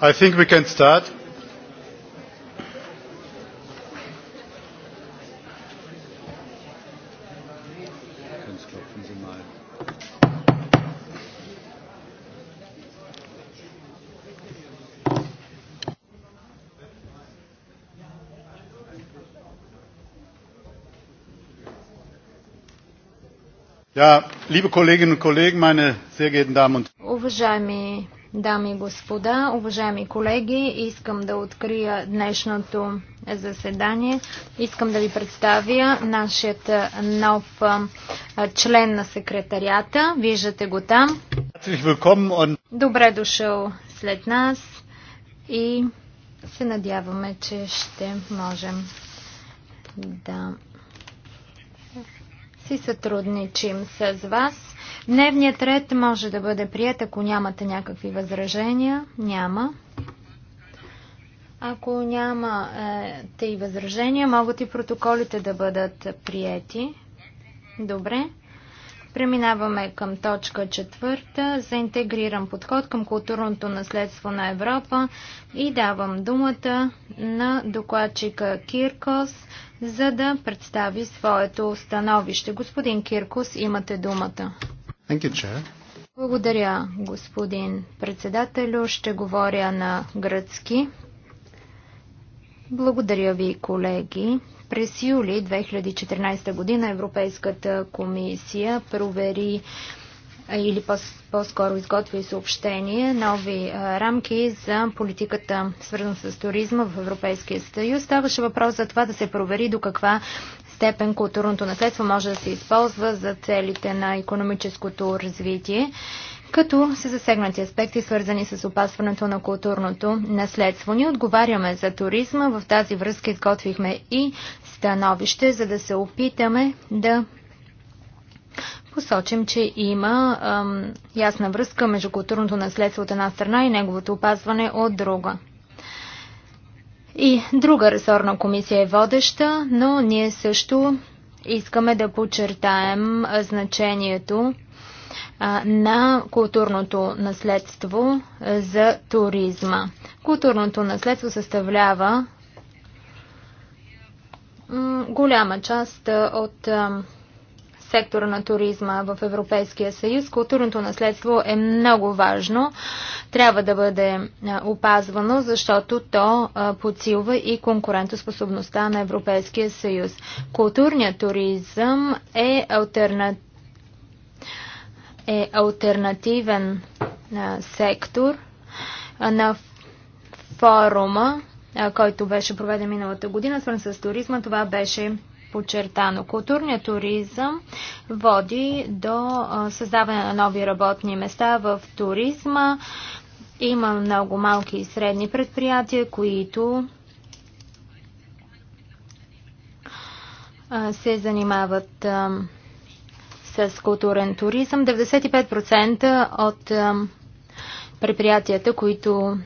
I think we can start. Ja, liebe Kolleginnen und Kollegen, meine sehr geehrten Damen und Herren. Дами и господа, уважаеми колеги, искам да открия днешното заседание. Искам да ви представя нашият нов член на секретарията. Виждате го там. Добре дошъл след нас и се надяваме, че ще можем да си сътрудничим с вас. Дневният ред може да бъде прият, ако нямате някакви възражения. Няма. Ако нямате и възражения, могат и протоколите да бъдат приети. Добре. Преминаваме към точка четвърта за интегриран подход към културното наследство на Европа и давам думата на докладчика Киркос, за да представи своето становище. Господин Киркос, имате думата. You, Благодаря, господин председателю. Ще говоря на гръцки. Благодаря ви, колеги. През юли 2014 година Европейската комисия провери или по-скоро изготви съобщение, нови рамки за политиката свързана с туризма в Европейския съюз. Ставаше въпрос за това да се провери до каква степен културното наследство може да се използва за целите на економическото развитие, като се засегнати аспекти, свързани с опасването на културното наследство. Ние отговаряме за туризма. В тази връзка изготвихме и становище, за да се опитаме да посочим, че има ам, ясна връзка между културното наследство от една страна и неговото опазване от друга. И друга ресорна комисия е водеща, но ние също искаме да подчертаем значението на културното наследство за туризма. Културното наследство съставлява голяма част от сектора на туризма в Европейския съюз. Културното наследство е много важно. Трябва да бъде опазвано, защото то подсилва и конкурентоспособността на Европейския съюз. Културният туризъм е, алтерна... е альтернативен сектор на форума който беше проведен миналата година, свързан с туризма. Това беше подчертано. Културният туризъм води до създаване на нови работни места в туризма. Има много малки и средни предприятия, които се занимават с културен туризъм. 95% от предприятията, които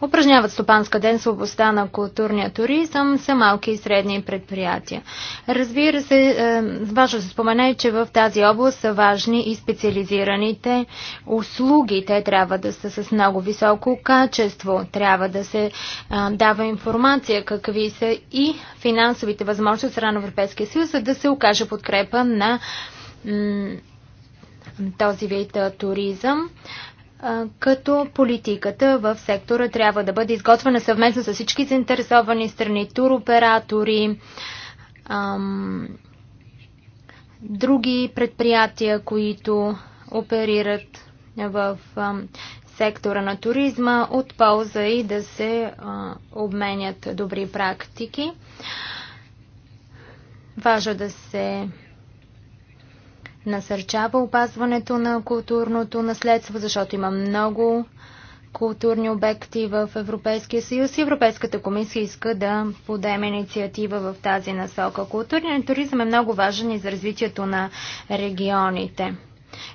упражняват стопанска ден в областта на културния туризъм са малки и средни предприятия. Разбира се, е, важно се спомена, че в тази област са важни и специализираните услуги. Те трябва да са с много високо качество. Трябва да се е, дава информация какви са и финансовите възможности от страна на Европейския съюз, за да се окаже подкрепа на този вид е, туризъм като политиката в сектора трябва да бъде изготвена съвместно с всички заинтересовани страни, туроператори, други предприятия, които оперират в сектора на туризма, от полза и да се обменят добри практики. Важно да се насърчава опазването на културното наследство, защото има много културни обекти в Европейския съюз и Европейската комисия иска да подеме инициатива в тази насока. Културният туризъм е много важен и за развитието на регионите.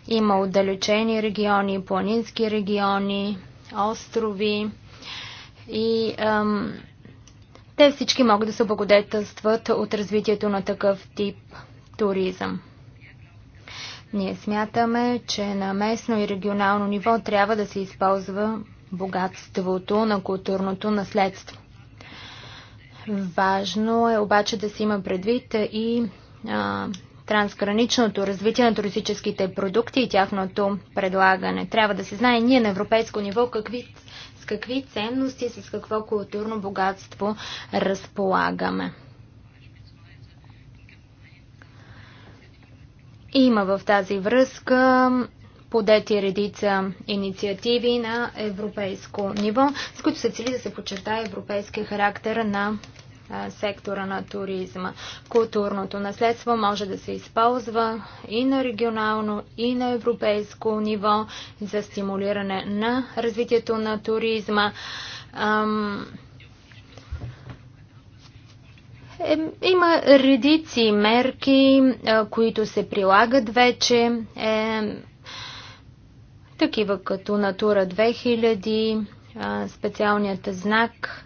Има отдалечени региони, планински региони, острови и ам, те всички могат да се благодетелстват от развитието на такъв тип туризъм. Ние смятаме, че на местно и регионално ниво трябва да се използва богатството на културното наследство. Важно е обаче да се има предвид и а, трансграничното развитие на туристическите продукти и тяхното предлагане. Трябва да се знае ние на европейско ниво какви, с какви ценности, с какво културно богатство разполагаме. Има в тази връзка подети редица инициативи на европейско ниво, с които се цели да се подчертае европейския характер на сектора на туризма. Културното наследство може да се използва и на регионално, и на европейско ниво за стимулиране на развитието на туризма. Е, има редици мерки, които се прилагат вече, е, такива като Натура 2000, специалният знак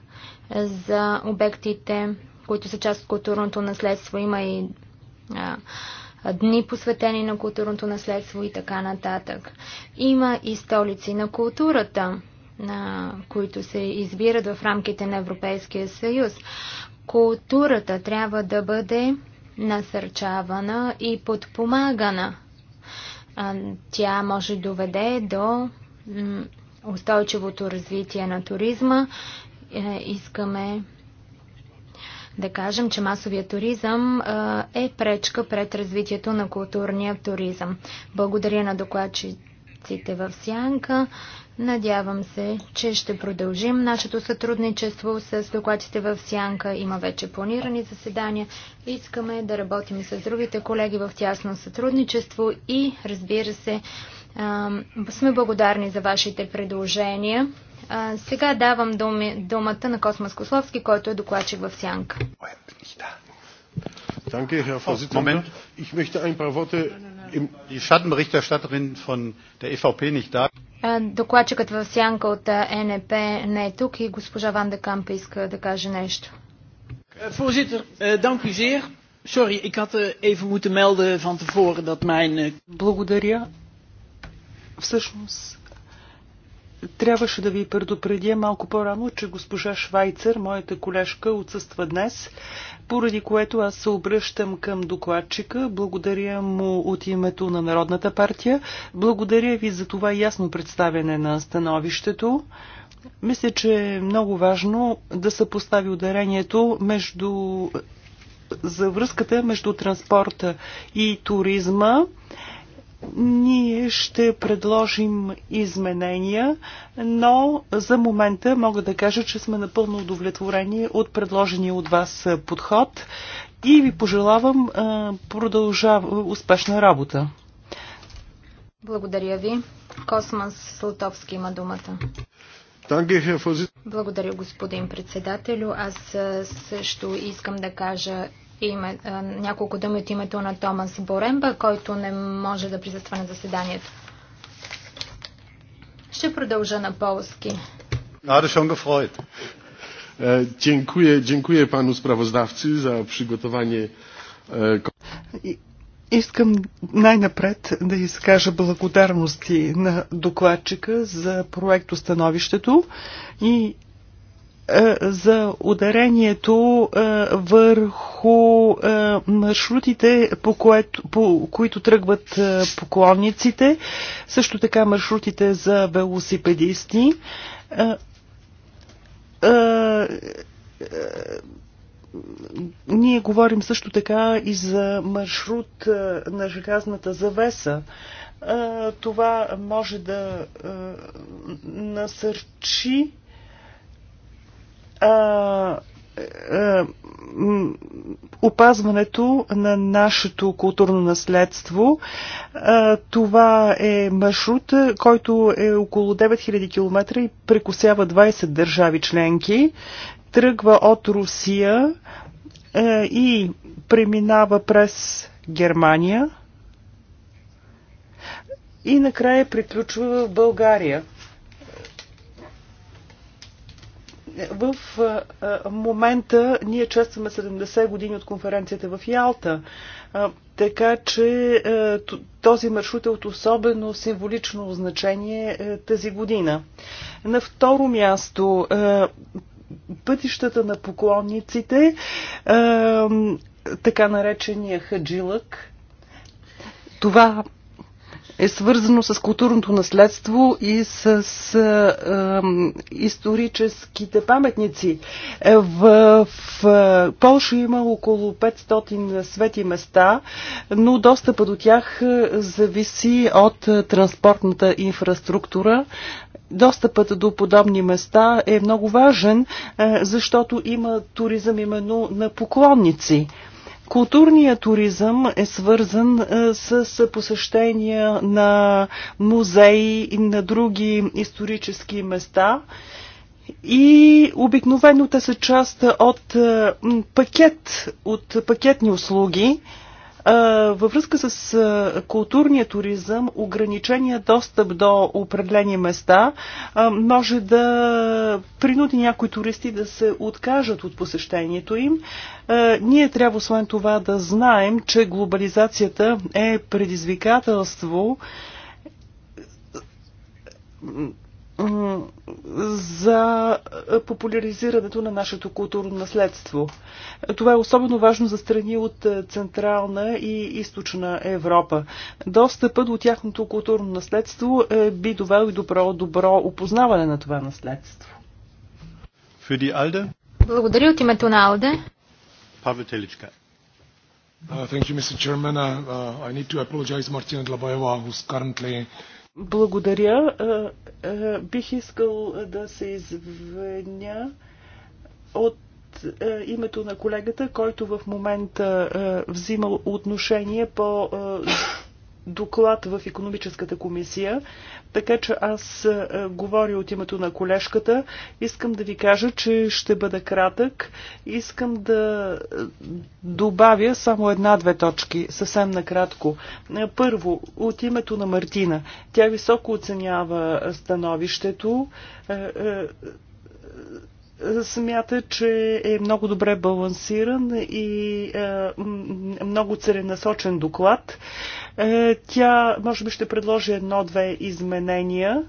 за обектите, които са част от културното наследство. Има и дни посветени на културното наследство и така нататък. Има и столици на културата, на които се избират в рамките на Европейския съюз. Културата трябва да бъде насърчавана и подпомагана. Тя може доведе до устойчивото развитие на туризма. Е, искаме да кажем, че масовия туризъм е пречка пред развитието на културния туризъм. Благодаря на докладчите докладчиците в Сянка. Надявам се, че ще продължим нашето сътрудничество с докладчите в Сянка. Има вече планирани заседания. Искаме да работим и с другите колеги в тясно сътрудничество и, разбира се, сме благодарни за вашите предложения. Сега давам думи, думата на Космос Кословски, който е докладчик в Сянка. Danke, Herr Ich möchte ein paar Worte die Schattenberichterstatterin von der EVP nicht da. Е, докладчикът в сянка от е, НП не е тук и госпожа Ван де Камп иска да каже нещо. Е, voorzitter, dank u zeer. Sorry, ik had even moeten melden van tevoren dat mijn... Eh, Благодаря. Всъщност, трябваше да ви предупредя малко по-рано, че госпожа Швайцер, моята колежка, отсъства днес поради което аз се обръщам към докладчика. Благодаря му от името на Народната партия. Благодаря ви за това ясно представяне на становището. Мисля, че е много важно да се постави ударението между за връзката между транспорта и туризма. Ние ще предложим изменения, но за момента мога да кажа, че сме напълно удовлетворени от предложения от вас подход и ви пожелавам продължава успешна работа. Благодаря ви. Космос Слотовски има думата. Благодаря, господин председателю. Аз също искам да кажа име, няколко думи от името на Томас Боремба, който не може да присъства на заседанието. Ще продължа на полски. Аре шон gefreut. Dziękuję, dziękuję panu sprawozdawcy za e, Искам най-напред да изкажа благодарности на докладчика за становището и е, за ударението е, върху е, маршрутите, по, което, по които тръгват поклонниците, също така маршрутите за велосипедисти ние говорим също така и за маршрут на железната завеса. Това може да насърчи а, опазването на нашето културно наследство. това е маршрут, който е около 9000 км и прекусява 20 държави членки. Тръгва от Русия и преминава през Германия и накрая приключва в България. в момента ние честваме 70 години от конференцията в Ялта. Така че този маршрут е от особено символично значение тази година. На второ място пътищата на поклонниците, така наречения хаджилък. Това е свързано с културното наследство и с а, историческите паметници. В, в Польша има около 500 свети места, но достъпа до тях зависи от транспортната инфраструктура. Достъпът до подобни места е много важен, защото има туризъм именно на поклонници. Културният туризъм е свързан е, с посещения на музеи и на други исторически места и обикновено те са част от е, пакет, от пакетни услуги, във връзка с културния туризъм, ограничения достъп до определени места може да принуди някои туристи да се откажат от посещението им. Ние трябва освен това да знаем, че глобализацията е предизвикателство за популяризирането на нашето културно наследство. Това е особено важно за страни от Централна и Източна Европа. Достъпът до тяхното културно наследство е, би довел и до добро, добро опознаване на това наследство. Благодаря от името на Алде. Павел Теличка. Uh, thank you, Mr. Chairman. Uh, uh, I need to apologize Martina Dlabayeva, who's currently uh, благодаря. Бих искал да се извиня от името на колегата, който в момента взимал отношение по доклад в економическата комисия, така че аз е, говоря от името на колежката. Искам да ви кажа, че ще бъда кратък. Искам да е, добавя само една-две точки, съвсем накратко. Е, първо, от името на Мартина. Тя високо оценява становището смята, че е много добре балансиран и е, много целенасочен доклад. Е, тя може би ще предложи едно-две изменения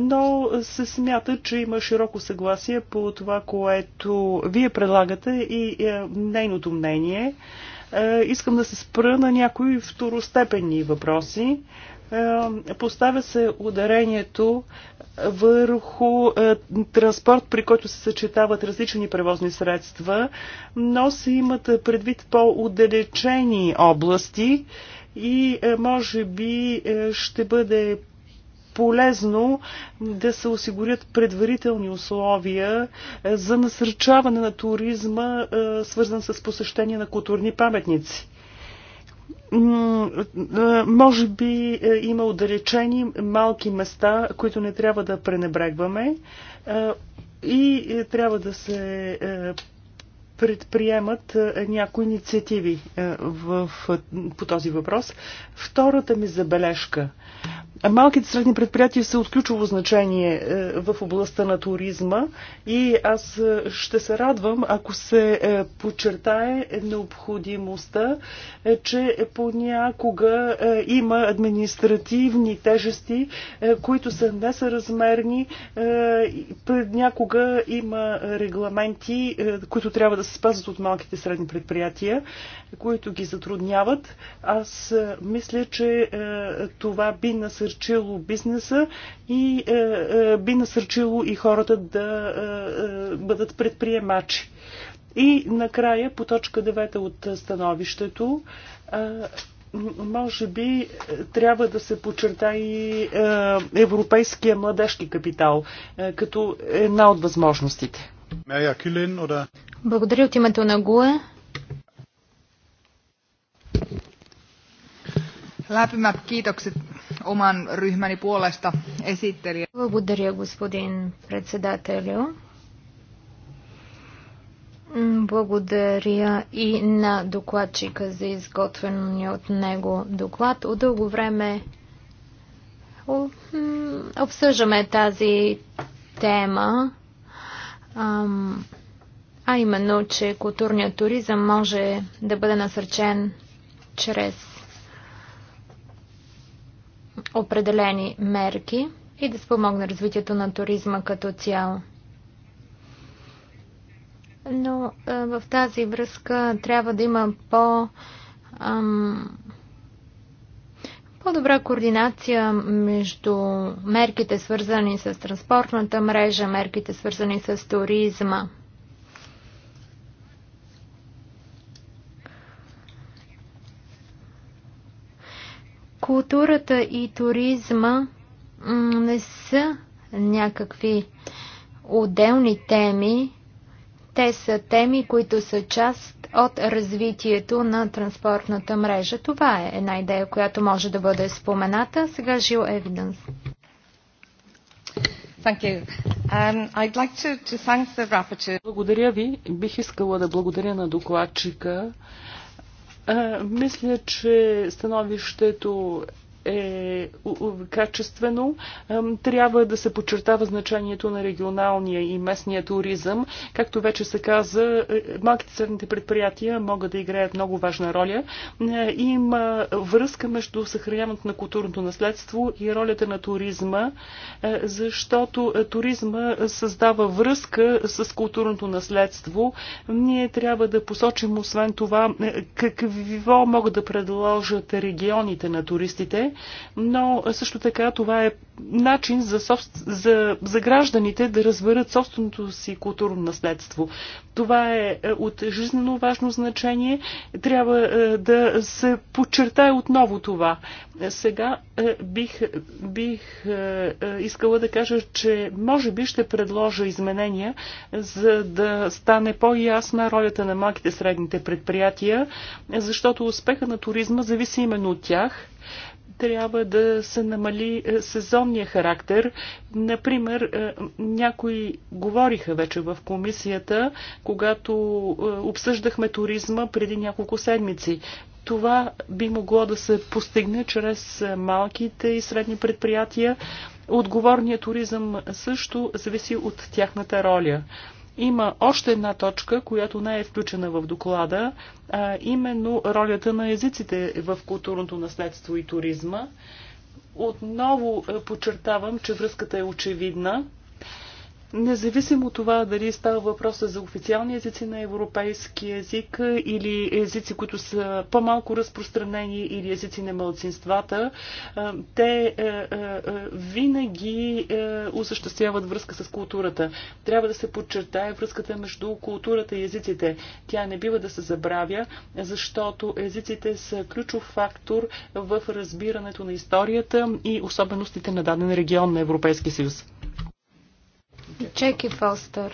но се смята, че има широко съгласие по това, което вие предлагате и е, нейното мнение. Е, искам да се спра на някои второстепенни въпроси. Поставя се ударението върху транспорт, при който се съчетават различни превозни средства, но се имат предвид по-отдалечени области, и е, може би е, ще бъде полезно да се осигурят предварителни условия е, за насърчаване на туризма, свързан с посещение на културни паметници може би има отдалечени малки места, които не трябва да пренебрегваме и трябва да се предприемат е, някои инициативи е, в, в, е, по този въпрос. Втората ми забележка. Малките средни предприятия са от ключово значение в областта на туризма и аз ще се радвам, ако се подчертае необходимостта, че понякога има административни тежести, които са несъразмерни. Понякога има регламенти, които трябва да се спазват от малките и средни предприятия, които ги затрудняват. Аз е, мисля, че е, това би насърчило бизнеса и е, би насърчило и хората да бъдат предприемачи. И накрая по точка 9 от становището може би трябва да се почерта и европейския младежки капитал като една от възможностите. Благодаря от името на ГУЕ. Лапимат kiitokset oman ryhmäni puolesta esittelijä. Благодаря, господин председателю. Благодаря и на докладчика за изготвения от него доклад. От дълго време обсъждаме тази тема. Ам, а именно, че културният туризъм може да бъде насърчен чрез определени мерки и да спомогне развитието на туризма като цяло. Но в тази връзка трябва да има по, ам, по-добра координация между мерките свързани с транспортната мрежа, мерките свързани с туризма. Културата и туризма не са някакви отделни теми. Те са теми, които са част от развитието на транспортната мрежа. Това е една идея, която може да бъде спомената. Сега Жил Евиденс. Um, благодаря ви. Бих искала да благодаря на докладчика. Мисля, че становището е качествено. Трябва да се подчертава значението на регионалния и местния туризъм. Както вече се каза, е, малките средните предприятия могат да играят много важна роля. Е, има връзка между съхраняването на културното наследство и ролята на туризма, е, защото туризма създава връзка с културното наследство. Ние трябва да посочим освен това какво могат да предложат регионите на туристите но също така това е начин за, собст... за, за гражданите да разберат собственото си културно наследство. Това е, е от жизненно важно значение. Трябва е, да се подчертае отново това. Сега е, бих, бих искала да кажа, че може би ще предложа изменения, за да стане по-ясна ролята на малките средните предприятия, защото успеха на туризма зависи именно от тях трябва да се намали е, сезонния характер. Например, е, някои говориха вече в комисията, когато е, обсъждахме туризма преди няколко седмици. Това би могло да се постигне чрез малките и средни предприятия. Отговорният туризъм също зависи от тяхната роля. Има още една точка, която не е включена в доклада, а именно ролята на езиците в културното наследство и туризма. Отново е, подчертавам, че връзката е очевидна Независимо от това дали става въпроса за официални езици на европейски език или езици, които са по-малко разпространени или езици на мълцинствата, е, те е, е, винаги осъществяват връзка с културата. Трябва да се подчертае връзката между културата и езиците. Тя не бива да се забравя, защото езиците са ключов фактор в разбирането на историята и особеностите на даден регион на Европейския съюз. Чеки Фостер.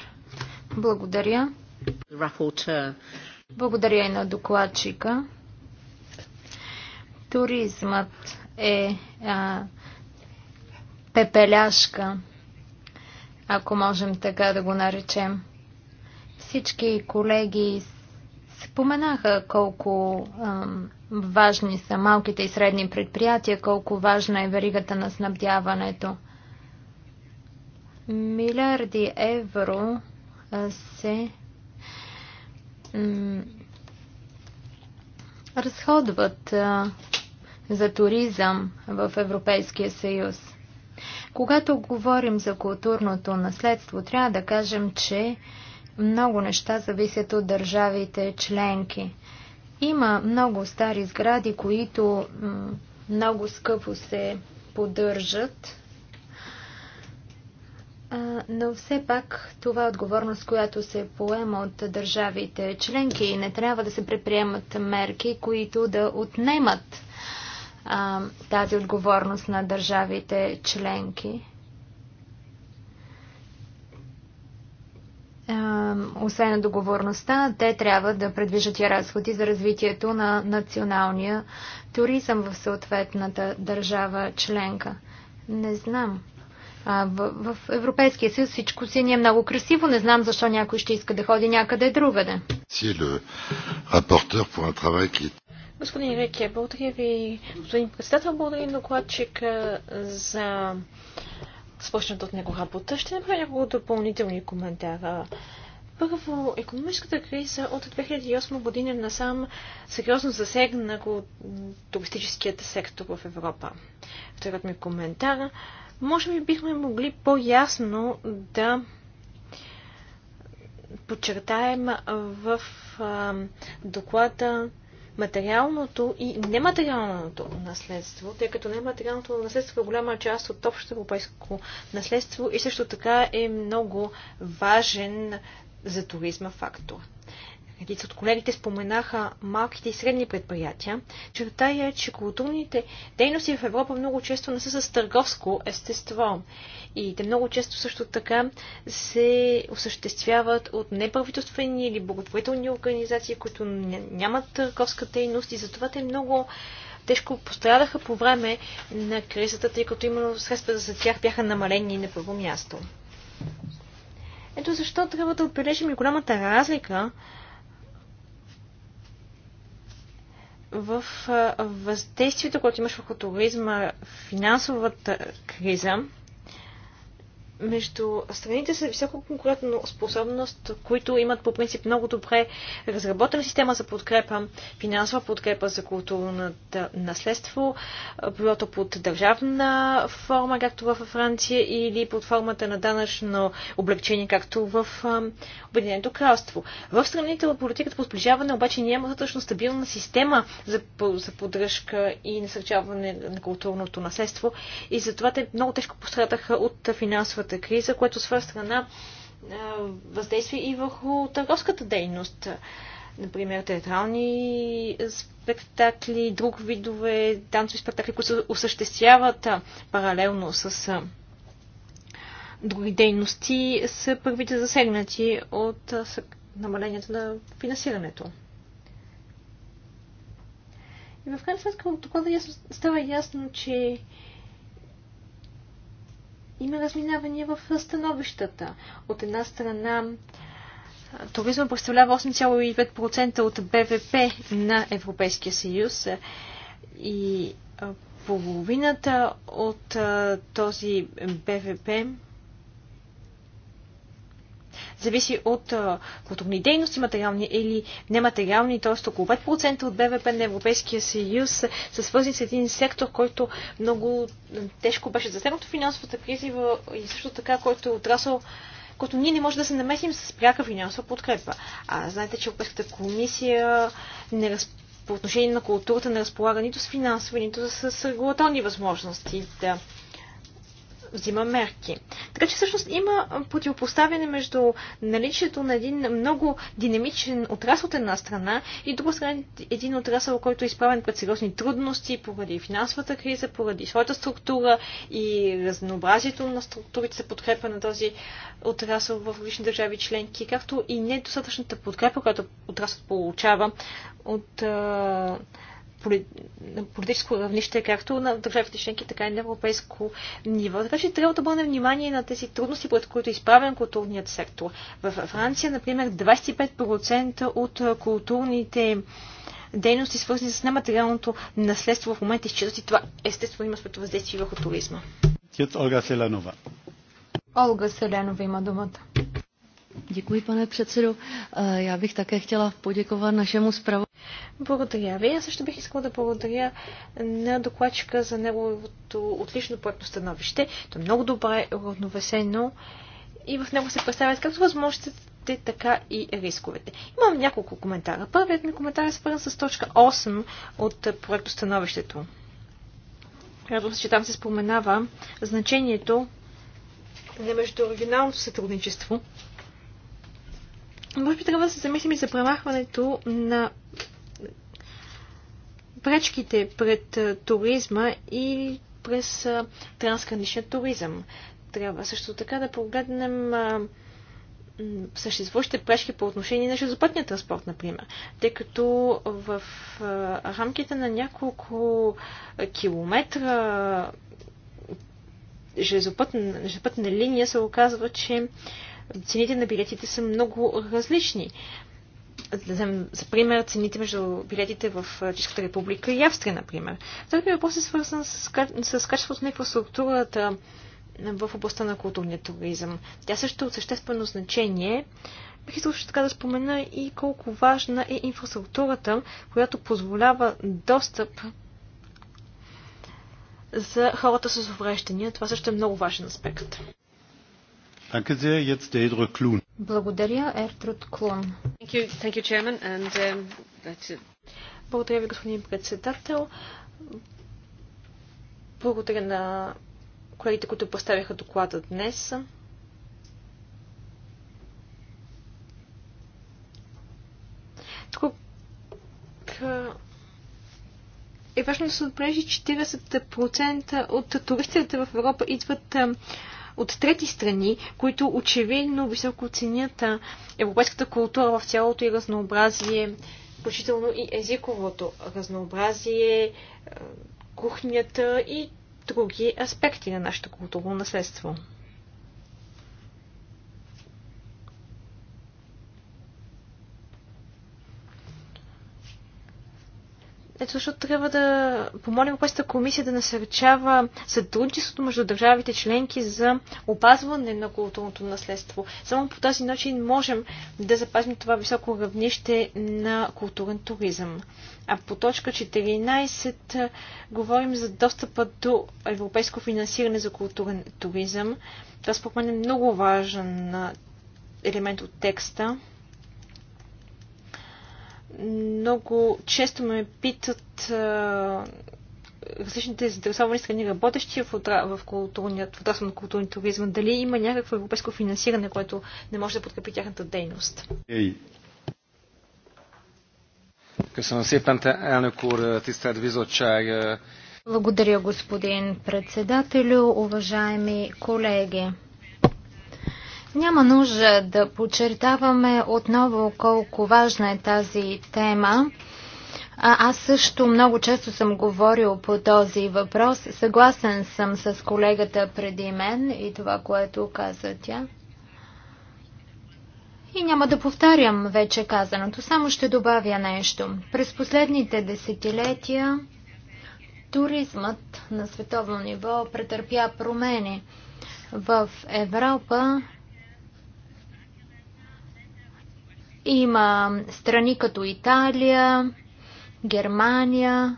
Благодаря. Благодаря и на докладчика. Туризмът е а, пепеляшка, ако можем така да го наречем. Всички колеги споменаха колко а, важни са малките и средни предприятия, колко важна е веригата на снабдяването – Милиарди евро се разходват за туризъм в Европейския съюз. Когато говорим за културното наследство, трябва да кажем, че много неща зависят от държавите членки. Има много стари сгради, които много скъпо се поддържат но все пак това е отговорност, която се поема от държавите членки и не трябва да се предприемат мерки, които да отнемат а, тази отговорност на държавите членки. А, освен на договорността, те трябва да предвижат и разходи за развитието на националния туризъм в съответната държава членка. Не знам. А, в, в Европейския съюз всичко си ни е много красиво. Не знам защо някой ще иска да ходи някъде другаде. Е господин Рекия, благодаря ви, господин председател, благодаря докладчик за спочната от него работа. Ще направя няколко допълнителни коментара. Първо, економическата криза от 2008 година насам сериозно засегна туристическият сектор в Европа. Вторият ми коментар може би бихме могли по-ясно да подчертаем в доклада материалното и нематериалното наследство, тъй като нематериалното наследство е голяма част от общото европейско наследство и също така е много важен за туризма фактор. Редица от колегите споменаха малките и средни предприятия. Чертая е, че културните дейности в Европа много често не са с търговско естество. И те много често също така се осъществяват от неправителствени или благотворителни организации, които нямат търговска дейност и затова те много тежко пострадаха по време на кризата, тъй като именно средства за тях бяха намалени на първо място. Ето защо трябва да отбележим и голямата разлика в въздействието, което имаш върху туризма, финансовата криза, между страните с високо конкурентна способност, които имат по принцип много добре разработена система за подкрепа, финансова подкрепа за културното наследство, било то под държавна форма, както във Франция, или под формата на данъчно облегчение, както в Обединеното кралство. В страните от политиката по сближаване обаче няма достатъчно стабилна система за поддръжка и насърчаване на културното наследство и затова те много тежко пострадаха от финансовата финансовата криза, което от своя страна и върху търговската дейност. Например, театрални спектакли, друг видове танцови спектакли, които се осъществяват паралелно с други дейности, са първите засегнати от намалението на финансирането. И в крайна сметка от доклада става ясно, че има разминавания в становищата. От една страна туризма представлява 8,5% от БВП на Европейския съюз и половината от този БВП зависи от културни дейности, материални или нематериални, т.е. около 5% от БВП на Европейския съюз са свързани с един сектор, който много тежко беше засегнат в финансовата криза и също така, който е отрасъл който ние не можем да се намесим с пряка финансова подкрепа. А знаете, че Европейската комисия не разп по отношение на културата не разполага нито с финансови, нито с регулаторни възможности да взима мерки. Така че всъщност има противопоставяне между наличието на един много динамичен отрасъл от една страна и друга страна един отрасъл, който е изправен пред сериозни трудности поради финансовата криза, поради своята структура и разнообразието на структурите за подкрепа на този отрасъл в различни държави членки, както и недостатъчната подкрепа, която отрасъл получава от политическо равнище, както на държавите членки, така и на европейско ниво. Така че трябва да обърнем внимание на тези трудности, пред които е изправен културният сектор. В Франция, например, 25% от културните дейности, свързани с нематериалното наследство в момента изчезват и това естествено има своето въздействие върху туризма. Олга Селенова. Олга Селенова има думата. Děkuji, pane předsedo. Eh, já bych také chtěla poděkovat našemu zpravodaji. Благодаря ви. Аз също бих искала да благодаря на докладчика за неговото отлично проектно становище. То е много добре равновесено и в него се представят както възможностите, така и рисковете. Имам няколко коментара. Първият ми коментар е свързан с точка 8 от проекто становището. Радвам се, че там се споменава значението на междурегионалното сътрудничество може би трябва да се замислим и за премахването на пречките пред туризма и през трансграничен туризъм. Трябва също така да погледнем съществуващите пречки по отношение на железопътния транспорт, например. Тъй като в рамките на няколко километра железопътна, железопътна линия се оказва, че цените на билетите са много различни. За, за пример, цените между билетите в Чешката република и Австрия, например. Втори въпрос е свързан с, с качеството на инфраструктурата в областта на културния туризъм. Тя също е от съществено значение. Бих искал така да спомена и колко важна е инфраструктурата, която позволява достъп за хората с увреждания. Това също е много важен аспект. Благодаря, Ертруд Клун. Um, Благодаря ви, господин председател. Благодаря на колегите, които поставяха доклада днес. Тук е важно да се отбележи 40% от туристите в Европа идват от трети страни, които очевидно високо ценят европейската култура в цялото и разнообразие, включително и езиковото разнообразие, кухнята и други аспекти на нашето културно наследство. Ето защото трябва да помолим Европейската комисия да насърчава сътрудничеството между държавите членки за опазване на културното наследство. Само по този начин можем да запазим това високо равнище на културен туризъм. А по точка 14 говорим за достъпа до европейско финансиране за културен туризъм. Това според мен е много важен елемент от текста. Много често ме питат а, различните заинтересовани страни, работещи в, отра... в, в отрасъл на културни туризма, дали има някакво европейско финансиране, което не може да подкрепи тяхната дейност. Е е. Благодаря, господин председателю, уважаеми колеги. Няма нужда да подчертаваме отново колко важна е тази тема. А, аз също много често съм говорил по този въпрос. Съгласен съм с колегата преди мен и това, което каза тя. И няма да повтарям вече казаното, само ще добавя нещо. През последните десетилетия туризмът на световно ниво претърпя промени. В Европа Има страни като Италия, Германия,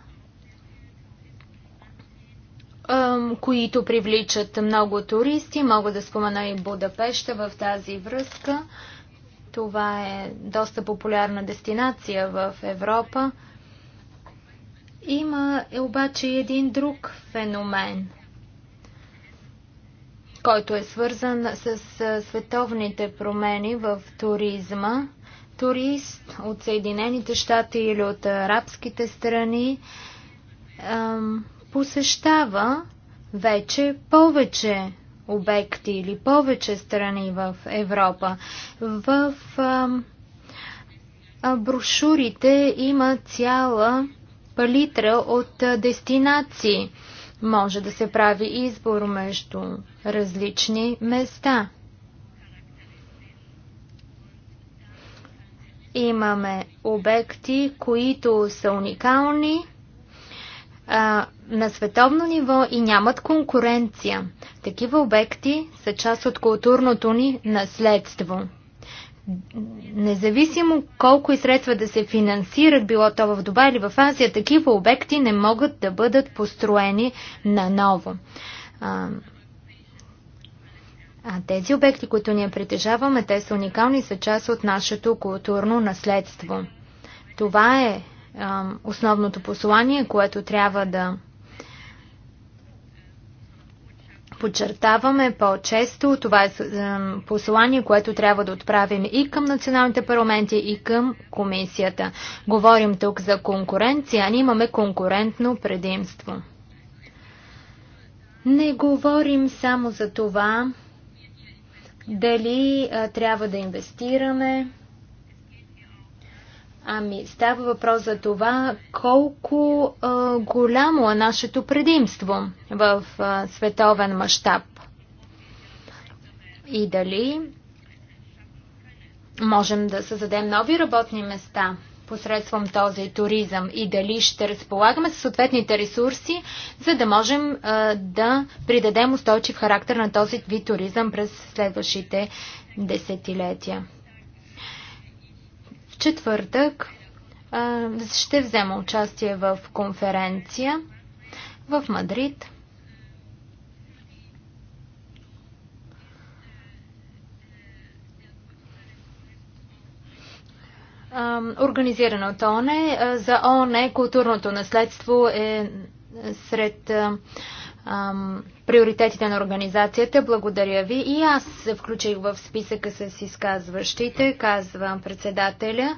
които привличат много туристи. Мога да спомена и Будапеща в тази връзка. Това е доста популярна дестинация в Европа. Има обаче и един друг феномен, който е свързан с световните промени в туризма – турист от Съединените щати или от арабските страни посещава вече повече обекти или повече страни в Европа. В брошурите има цяла палитра от дестинации. Може да се прави избор между различни места. Имаме обекти, които са уникални а, на световно ниво и нямат конкуренция. Такива обекти са част от културното ни наследство. Независимо колко и средства да се финансират, било то в Дубай или в Азия, такива обекти не могат да бъдат построени наново. А тези обекти, които ние притежаваме, те са уникални, са част от нашето културно наследство. Това е а, основното послание, което трябва да подчертаваме по-често. Това е послание, което трябва да отправим и към националните парламенти, и към комисията. Говорим тук за конкуренция, а ние имаме конкурентно предимство. Не говорим само за това, дали а, трябва да инвестираме. Ами, става въпрос за това колко а, голямо е нашето предимство в а, световен мащаб. И дали можем да създадем нови работни места посредством този туризъм и дали ще разполагаме с съответните ресурси, за да можем а, да придадем устойчив характер на този вид туризъм през следващите десетилетия. В четвъртък а, ще взема участие в конференция в Мадрид – организирана от ОНЕ. За ОНЕ културното наследство е сред ам, приоритетите на организацията. Благодаря ви. И аз се включих в списъка с изказващите, казва председателя.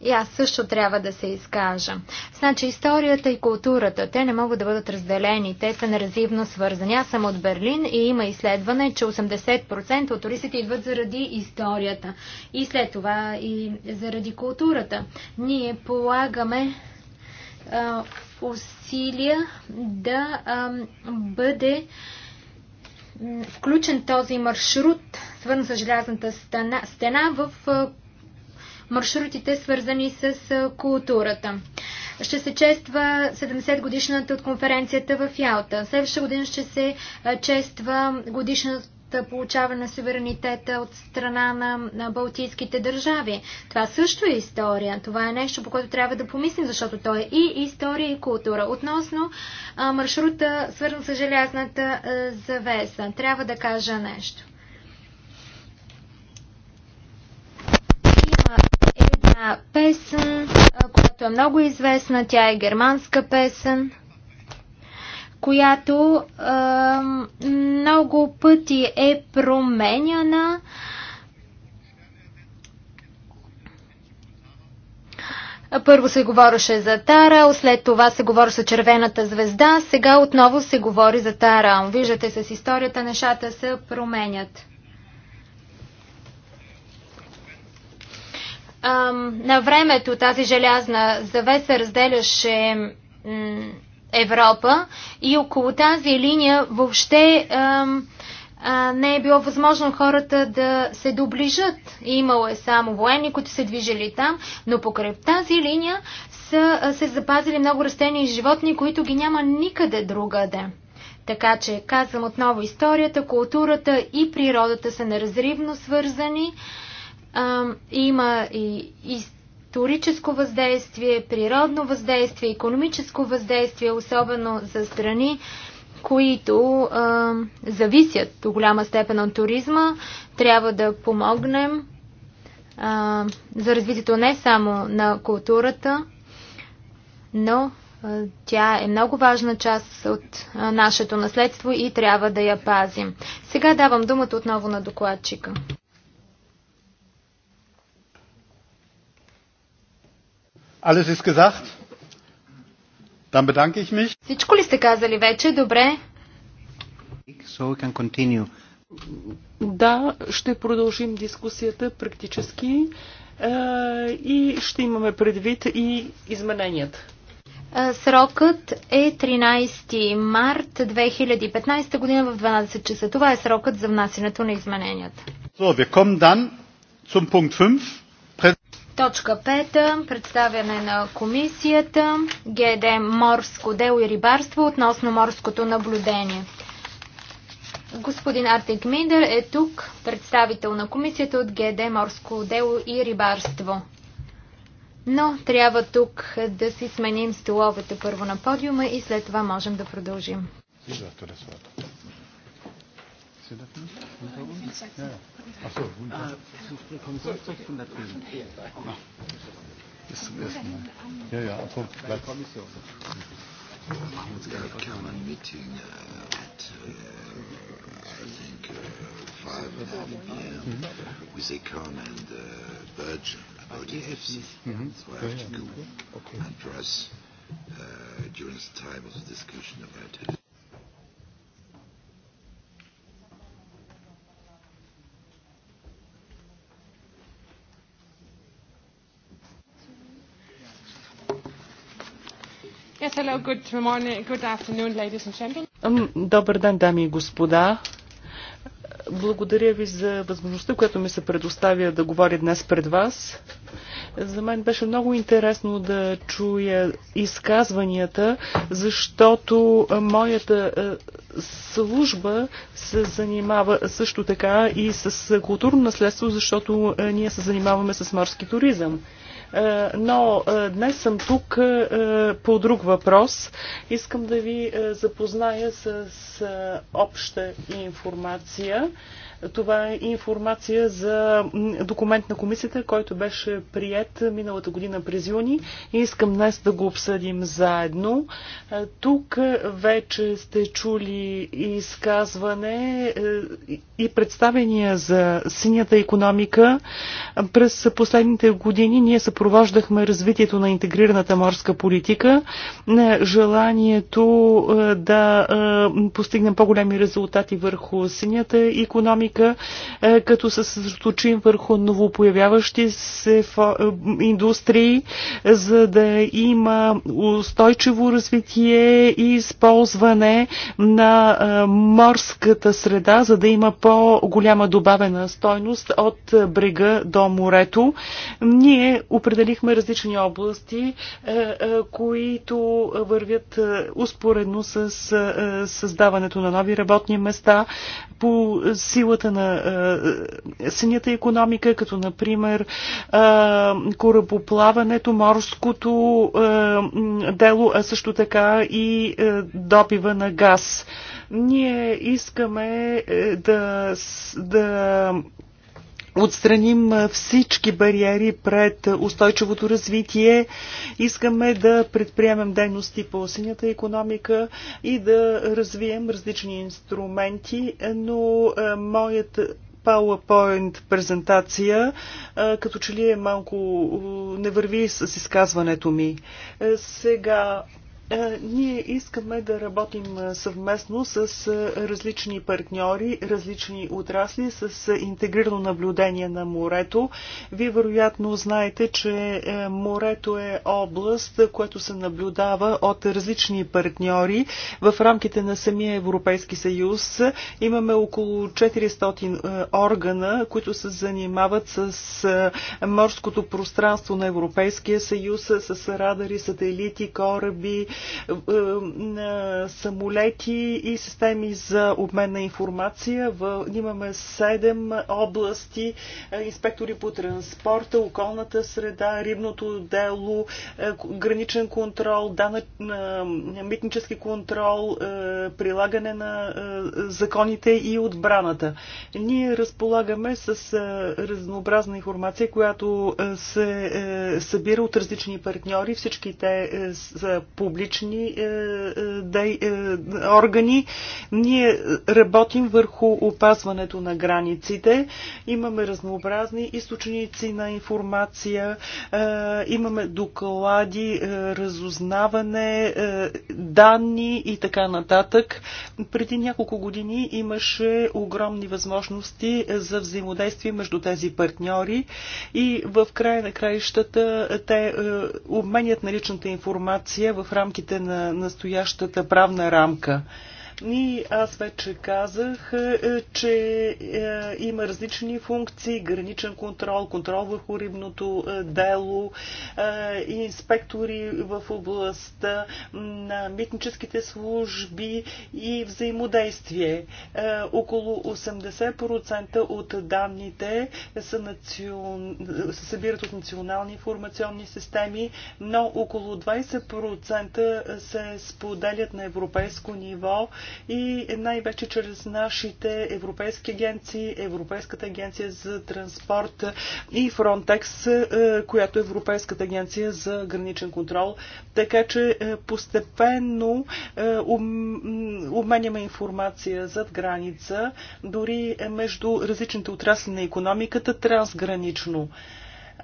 И аз също трябва да се изкажа. Значи историята и културата, те не могат да бъдат разделени, те са неразивно свързани. Аз съм от Берлин и има изследване, че 80% от туристите идват заради историята и след това и заради културата. Ние полагаме а, усилия да а, бъде включен този маршрут, свързан с желязната стена, стена в маршрутите, свързани с културата. Ще се чества 70 годишната от конференцията в Ялта. Следващата година ще се чества годишната получаване на суверенитета от страна на, на балтийските държави. Това също е история. Това е нещо, по което трябва да помислим, защото то е и история, и култура. Относно а, маршрута, свързан с желязната а, завеса, трябва да кажа нещо. една песен, която е много известна. Тя е германска песен, която е, много пъти е променяна. Първо се говореше за Тара, след това се говори за червената звезда, сега отново се говори за Тара. Виждате, с историята нещата се променят. на времето тази желязна завеса разделяше Европа и около тази линия въобще не е било възможно хората да се доближат. Имало е само военни, които се движили там, но покрай тази линия са се запазили много растения и животни, които ги няма никъде другаде. Така че, казвам отново, историята, културата и природата са неразривно свързани има и историческо въздействие, природно въздействие, економическо въздействие, особено за страни, които а, зависят до голяма степен от туризма. Трябва да помогнем а, за развитието не само на културата, но а, тя е много важна част от а, нашето наследство и трябва да я пазим. Сега давам думата отново на докладчика. Alles ist gesagt. Dann bedanke ich mich. Всичко ли сте казали вече? Добре. So we can continue. Да, ще продължим дискусията практически е, и ще имаме предвид и измененията. Е, срокът е 13 март 2015 година в 12 часа. Това е срокът за внасянето на измененията. So, wir kommen dann zum Punkt 5. Точка 5. Представяне на комисията ГД Морско дело и рибарство относно морското наблюдение. Господин Артик Миндер е тук, представител на комисията от ГД Морско дело и рибарство. Но трябва тук да си сменим столовете първо на подиума и след това можем да продължим. Exactly. Ach so, wunderbar. Wir kommen sonst direkt von da Bis zum ersten Mal. Ja, ja, auf Punkt. Bleibt. Machen wir uns gerne German Meeting uh, at, uh, I think, uh, 5 p.m. half PM with Econ and uh, Virgin about EFC. Mm-hmm. So I have to go okay. and uh, during the time of the discussion about it. Добър ден, дами и господа. Благодаря ви за възможността, която ми се предоставя да говоря днес пред вас. За мен беше много интересно да чуя изказванията, защото моята служба се занимава също така и с културно наследство, защото ние се занимаваме с морски туризъм. Е, но е, днес съм тук е, по друг въпрос. Искам да ви запозная с обща информация. Това е информация за документ на комисията, който беше прият миналата година през юни и искам днес да го обсъдим заедно. Е, тук вече сте чули изказване е, и представения за синята економика. През последните години ние съпровождахме развитието на интегрираната морска политика, е, желанието да постигнем по-големи резултати върху синята економика, Америка, е, като се съсредоточим върху новопоявяващи се е, индустрии, за да има устойчиво развитие и използване на е, морската среда, за да има по-голяма добавена стойност от брега до морето. Ние определихме различни области, които вървят успоредно с създаването на нови работни места, по силата на синята економика, като например корабоплаването, морското дело, а също така и добива на газ. Ние искаме е, да, да отстраним всички бариери пред устойчивото развитие. Искаме да предприемем дейности по синята економика и да развием различни инструменти, но моят PowerPoint презентация, като че ли е малко не върви с изказването ми. Сега е, ние искаме да работим е, съвместно с е, различни партньори, различни отрасли, с интегрирано наблюдение на морето. Вие вероятно знаете, че морето е област, която се наблюдава от различни партньори в рамките на самия Европейски съюз. Имаме около 400 органа, които се занимават с морското пространство на Европейския съюз, с радари, сателити, кораби, е, е, самолети и системи за обмен на информация. В, имаме 7 области, е, инспектори по транспорта, околната среда, рибното дело, граничен контрол, данък, митнически контрол, прилагане на законите и отбраната. Ние разполагаме с разнообразна информация, която се събира от различни партньори. Всички те са публични различни е, е, е, органи. Ние работим върху опазването на границите. Имаме разнообразни източници на информация, имаме доклади, разузнаване, данни и така нататък. Преди няколко години имаше огромни възможности за взаимодействие между тези партньори и в края на краищата те обменят наличната информация в рамките рамките на настоящата правна рамка. И аз вече казах, е, че е, има различни функции, граничен контрол, контрол върху рибното е, дело, инспектори в областта на митническите служби и взаимодействие. Около 80% от данните са национ... се събират от национални информационни системи, но около 20% се споделят на европейско ниво и най-вече чрез нашите европейски агенции, Европейската агенция за транспорт и Frontex, е, която е Европейската агенция за граничен контрол. Така че е, постепенно е, обменяме информация зад граница, дори между различните отрасли на економиката трансгранично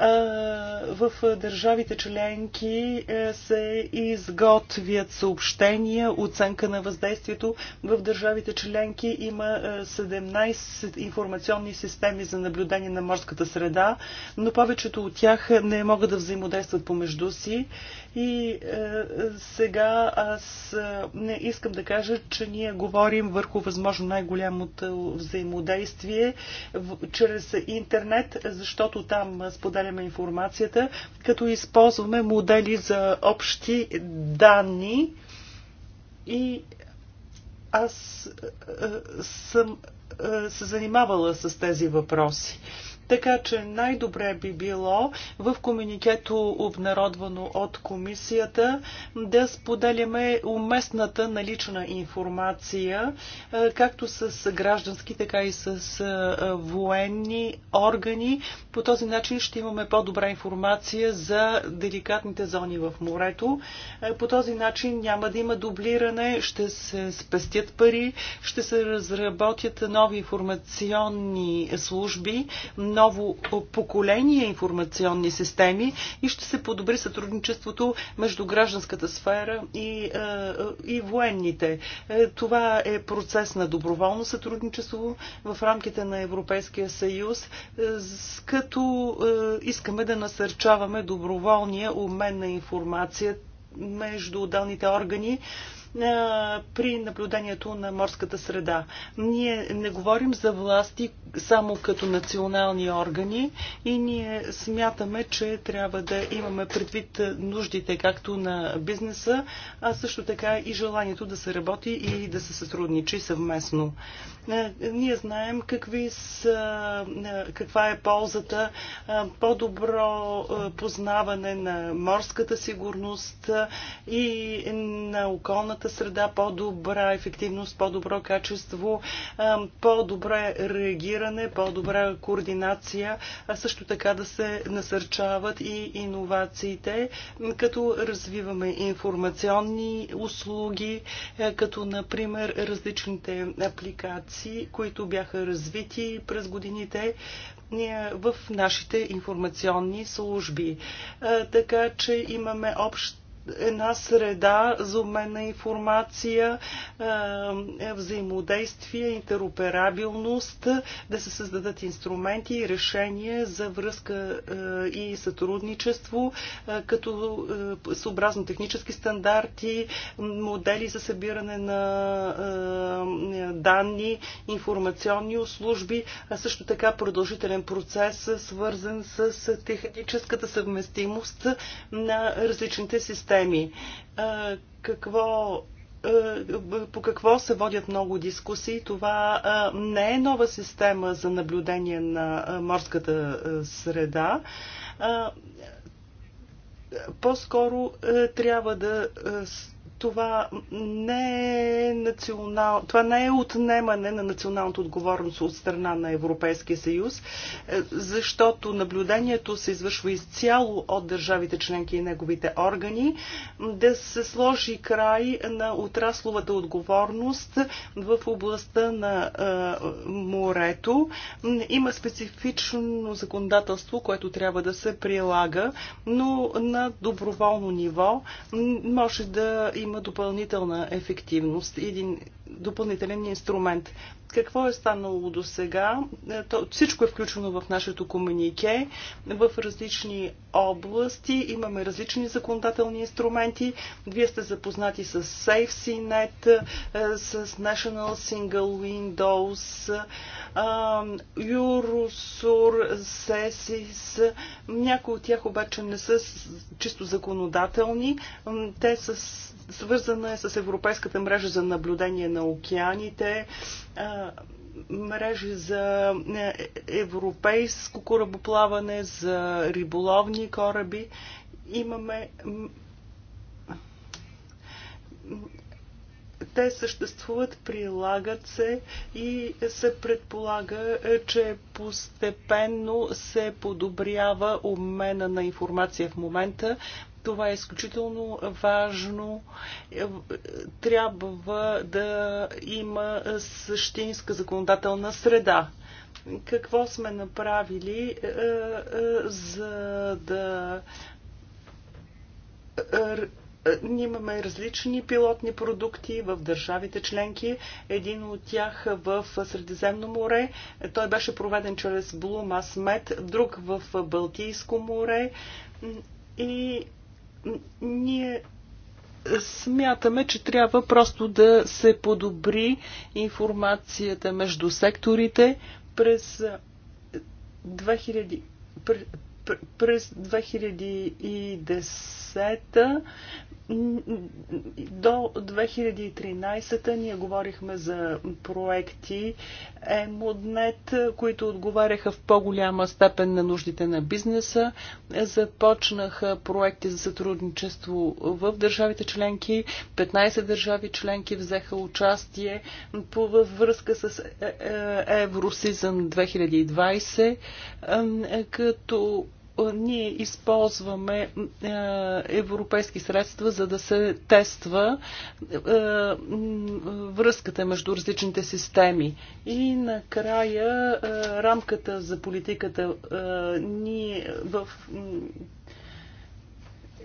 в държавите членки е, се изготвят съобщения, оценка на въздействието. В държавите членки има 17 е, информационни системи за наблюдение на морската среда, но повечето от тях не могат да взаимодействат помежду си. И е, сега аз е, не искам да кажа, че ние говорим върху възможно най-голямото взаимодействие в, чрез интернет, защото там споделяме информацията, като използваме модели за общи данни. И аз е, съм е, се занимавала с тези въпроси. Е, така че най-добре би било в комуникето, обнародвано от комисията, да споделяме уместната налична информация, е, както с граждански, така и с е, военни органи. По този начин ще имаме по-добра информация за деликатните зони в морето. Е, по този начин няма да има дублиране, ще се спестят пари, ще се разработят нови информационни служби, ново поколение информационни системи и ще се подобри сътрудничеството между гражданската сфера и, е, е, и военните. Е, това е процес на доброволно сътрудничество в рамките на Европейския съюз, като искаме да насърчаваме доброволния обмен на информация между отделните органи при наблюдението на морската среда. Ние не говорим за власти само като национални органи и ние смятаме, че трябва да имаме предвид нуждите както на бизнеса, а също така и желанието да се работи и да се сътрудничи съвместно. Е, ние знаем какви са, е, каква е ползата, е, по-добро познаване на морската сигурност и на околната околната среда, по-добра ефективност, по-добро качество, по-добре реагиране, по-добра координация, а също така да се насърчават и иновациите, като развиваме информационни услуги, като например различните апликации, които бяха развити през годините в нашите информационни служби. Така че имаме общ една среда за обмен на информация, е, взаимодействие, интероперабилност, да се създадат инструменти и решения за връзка е, и сътрудничество, е, като съобразно технически стандарти, модели за събиране на данни, информационни услужби, а също така продължителен процес, свързан с техническата съвместимост на различните системи а, Какво по какво се водят много дискусии. Това не е нова система за наблюдение на морската среда. По-скоро трябва да това не е, национал... това не е отнемане на националната отговорност от страна на Европейския съюз, е, защото наблюдението се извършва изцяло от държавите членки и неговите органи, да се сложи край на отрасловата отговорност в областта на е, морето. Има специфично законодателство, което трябва да се прилага, но на доброволно ниво може да има има допълнителна ефективност, един допълнителен инструмент. Какво е станало до сега? Е, всичко е включено в нашето комунике. В различни области имаме различни законодателни инструменти. Вие сте запознати с SafeCNet, е, с National Single Windows, е, Eurosur, SESIS. Някои от тях обаче не са чисто законодателни. Те са свързана е с Европейската мрежа за наблюдение на океаните, мрежи за е, европейско корабоплаване, за риболовни кораби. Имаме те съществуват, прилагат се и се предполага, е, че постепенно се подобрява обмена на информация в момента. Това е изключително важно. Е, трябва да има същинска законодателна среда какво сме направили, е, е, за да. ние имаме различни пилотни продукти в държавите членки. Един от тях в Средиземно море. Той беше проведен чрез Blue Mass Med, друг в Балтийско море. И ние смятаме, че трябва просто да се подобри информацията между секторите през 2000 през 2010 до 2013 ние говорихме за проекти Емоднет, които отговаряха в по-голяма степен на нуждите на бизнеса. Започнаха проекти за сътрудничество в държавите членки. 15 държави членки взеха участие във връзка с е, е, Евросизъм 2020, като е, ние използваме е, европейски средства, за да се тества е, връзката между различните системи. И накрая рамката за политиката ние в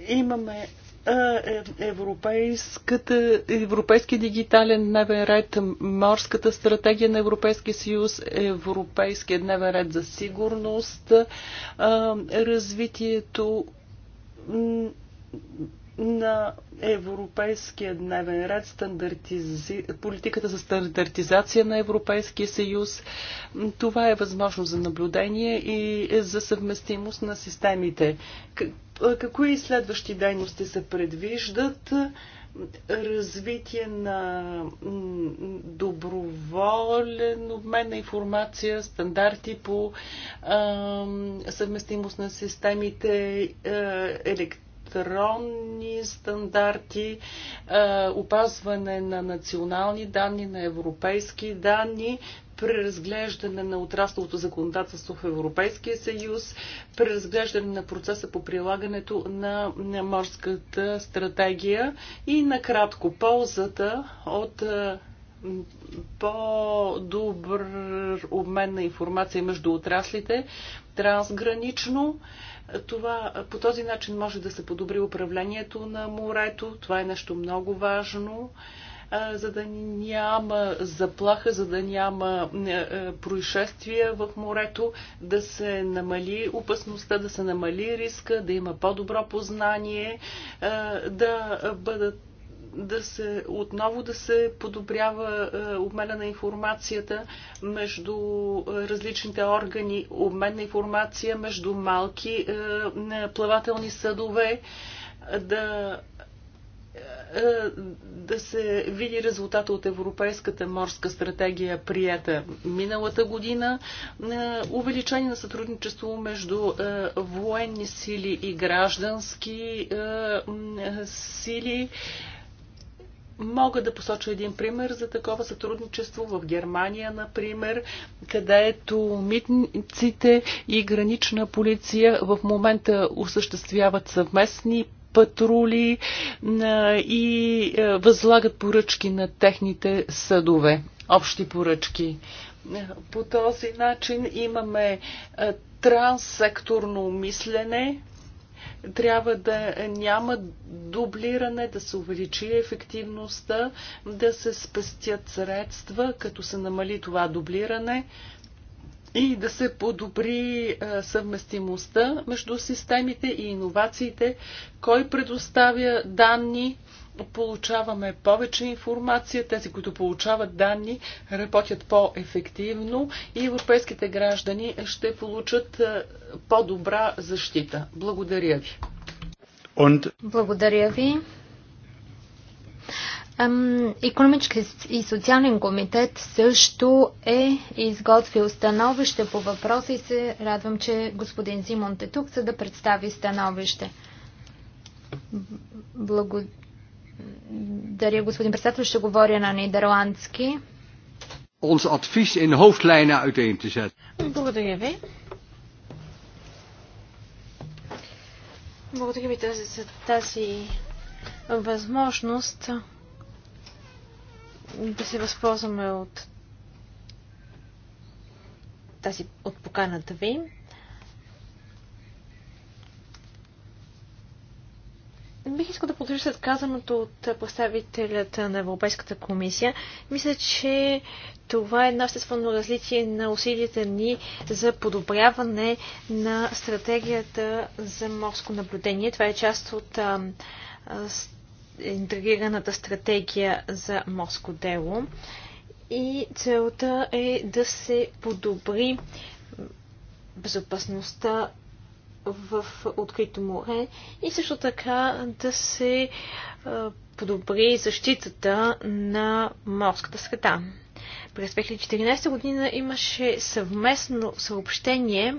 имаме е, европейската, европейски дигитален дневен ред, морската стратегия на Европейския съюз, европейски дневен ред за сигурност, развитието на европейския дневен ред, стандартизи... политиката за стандартизация на Европейския съюз. Това е възможно за наблюдение и за съвместимост на системите. Какви следващи дейности се предвиждат? развитие на доброволен обмен на информация, стандарти по съвместимост на системите, а, е, електронни стандарти, е, опазване на национални данни, на европейски данни, преразглеждане на отрасловото законодателство в Европейския съюз, преразглеждане на процеса по прилагането на морската стратегия и накратко ползата от е, по-добър обмен на информация между отраслите трансгранично това, по този начин може да се подобри управлението на морето. Това е нещо много важно, за да няма заплаха, за да няма происшествия в морето, да се намали опасността, да се намали риска, да има по-добро познание, да бъдат да се, отново да се подобрява е, обмена на информацията между е, различните органи, обмен на информация между малки е, плавателни съдове, да да се види резултата от Европейската морска стратегия, прията миналата година, увеличение на сътрудничество между военни сили и граждански сили, Мога да посоча един пример за такова сътрудничество в Германия, например, където митниците и гранична полиция в момента осъществяват съвместни патрули и възлагат поръчки на техните съдове, общи поръчки. По този начин имаме транссекторно мислене, трябва да няма дублиране, да се увеличи ефективността, да се спестят средства, като се намали това дублиране и да се подобри съвместимостта между системите и иновациите, кой предоставя данни, получаваме повече информация, тези, които получават данни, работят по-ефективно и европейските граждани ще получат е, по-добра защита. Благодаря ви. Und... Благодаря ви. Економически и социален комитет също е изготвил становище по въпроса и се радвам, че господин Зимонт е тук, за да представи становище. Благодаря. Дария господин председател. Ще говоря на нидерландски. Ons advies in hoofdlijnen uiteen te zetten. Благодаря ви. Благодаря ви тази, за тази възможност да се възползваме от тази от поканата ви. Бих искал да продължа след казаното от представителята на Европейската комисия. Мисля, че това е едно естествено различие на усилията ни за подобряване на стратегията за морско наблюдение. Това е част от а, а, интегрираната стратегия за морско дело. И целта е да се подобри безопасността в открито море и също така да се подобри защитата на морската среда. През 2014 година имаше съвместно съобщение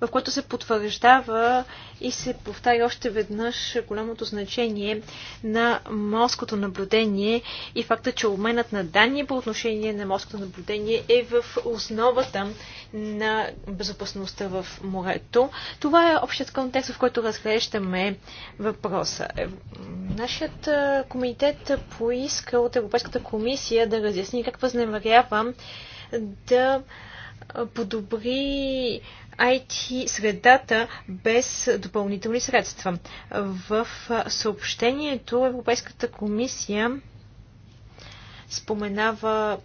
в което се потвърждава и се повтаря още веднъж голямото значение на морското наблюдение и факта, че обменът на данни по отношение на морското наблюдение е в основата на безопасността в морето. Това е общият контекст, в който разглеждаме въпроса. Е, нашият комитет поиска от Европейската комисия да разясни как възнамерява да подобри IT средата без допълнителни средства. В съобщението Европейската комисия споменава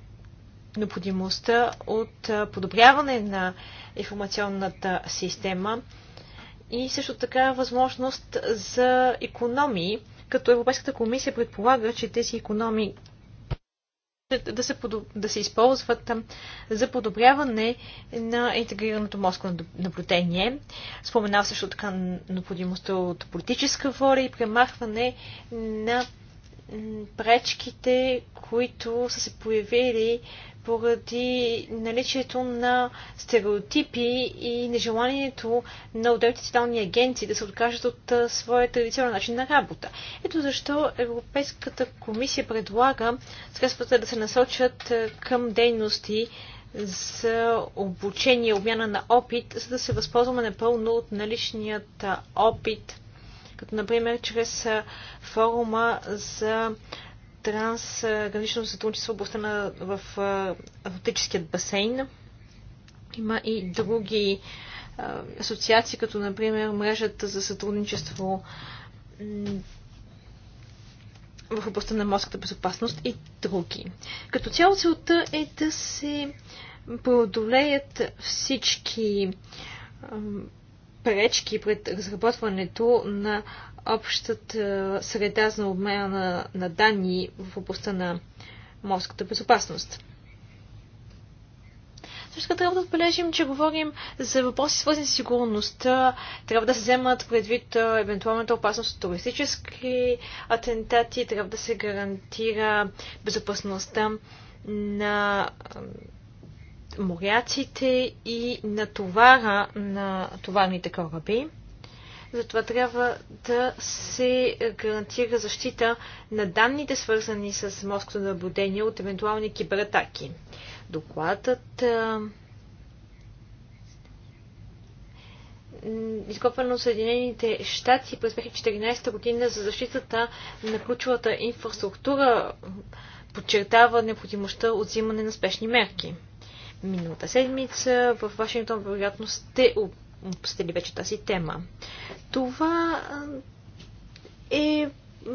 необходимостта от подобряване на информационната система и също така възможност за економии, като Европейската комисия предполага, че тези економии да се, да се използват за подобряване на интегрираното морско наблюдение. Споменава също така необходимостта от политическа воля и премахване на пречките, които са се появили поради наличието на стереотипи и нежеланието на отделните социални агенции да се откажат от своя традиционен начин на работа. Ето защо Европейската комисия предлага средствата да се насочат към дейности за обучение, обмяна на опит, за да се възползваме напълно от наличният опит, като например чрез форума за трансгранично сътрудничество в областта на, в Атлантическият басейн. Има и други а, асоциации, като например мрежата за сътрудничество в областта на морската безопасност и други. Като цяло целта е да се преодолеят всички пречки пред разработването на общата среда за обмена на, на данни в областта на морската безопасност. Също така трябва да отбележим, че говорим за въпроси свързани с сигурността. Трябва да се вземат предвид евентуалната опасност от туристически атентати. Трябва да се гарантира безопасността на моряците и на товара на товарните кораби. Затова трябва да се гарантира защита на данните, свързани с морското наблюдение от евентуални кибератаки. Докладът изкопано от Съединените щати през 2014 година за защитата на ключовата инфраструктура подчертава необходимостта от взимане на спешни мерки. Миналата седмица в Вашингтон вероятно сте посетили вече тази тема. Това е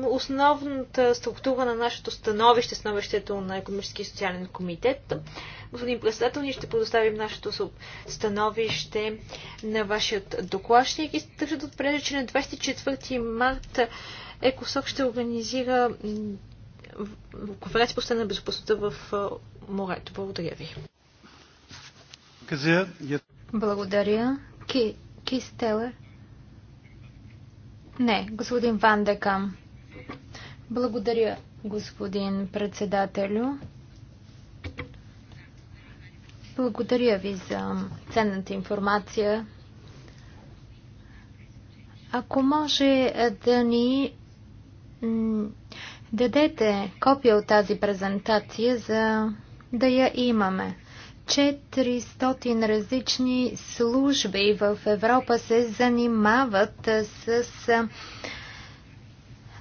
основната структура на нашето становище, становището на Економически и социален комитет. Господин председател, ние ще предоставим нашето становище на вашият докладчик и ще да отбележа, че на 24 март ЕКОСОК ще организира конференция по на безопасността в морето. Благодаря ви. Благодаря. Ки, Стелър? Не, господин Ван Декам. Благодаря, господин председателю. Благодаря ви за ценната информация. Ако може да ни дадете копия от тази презентация, за да я имаме. 400 различни служби в Европа се занимават с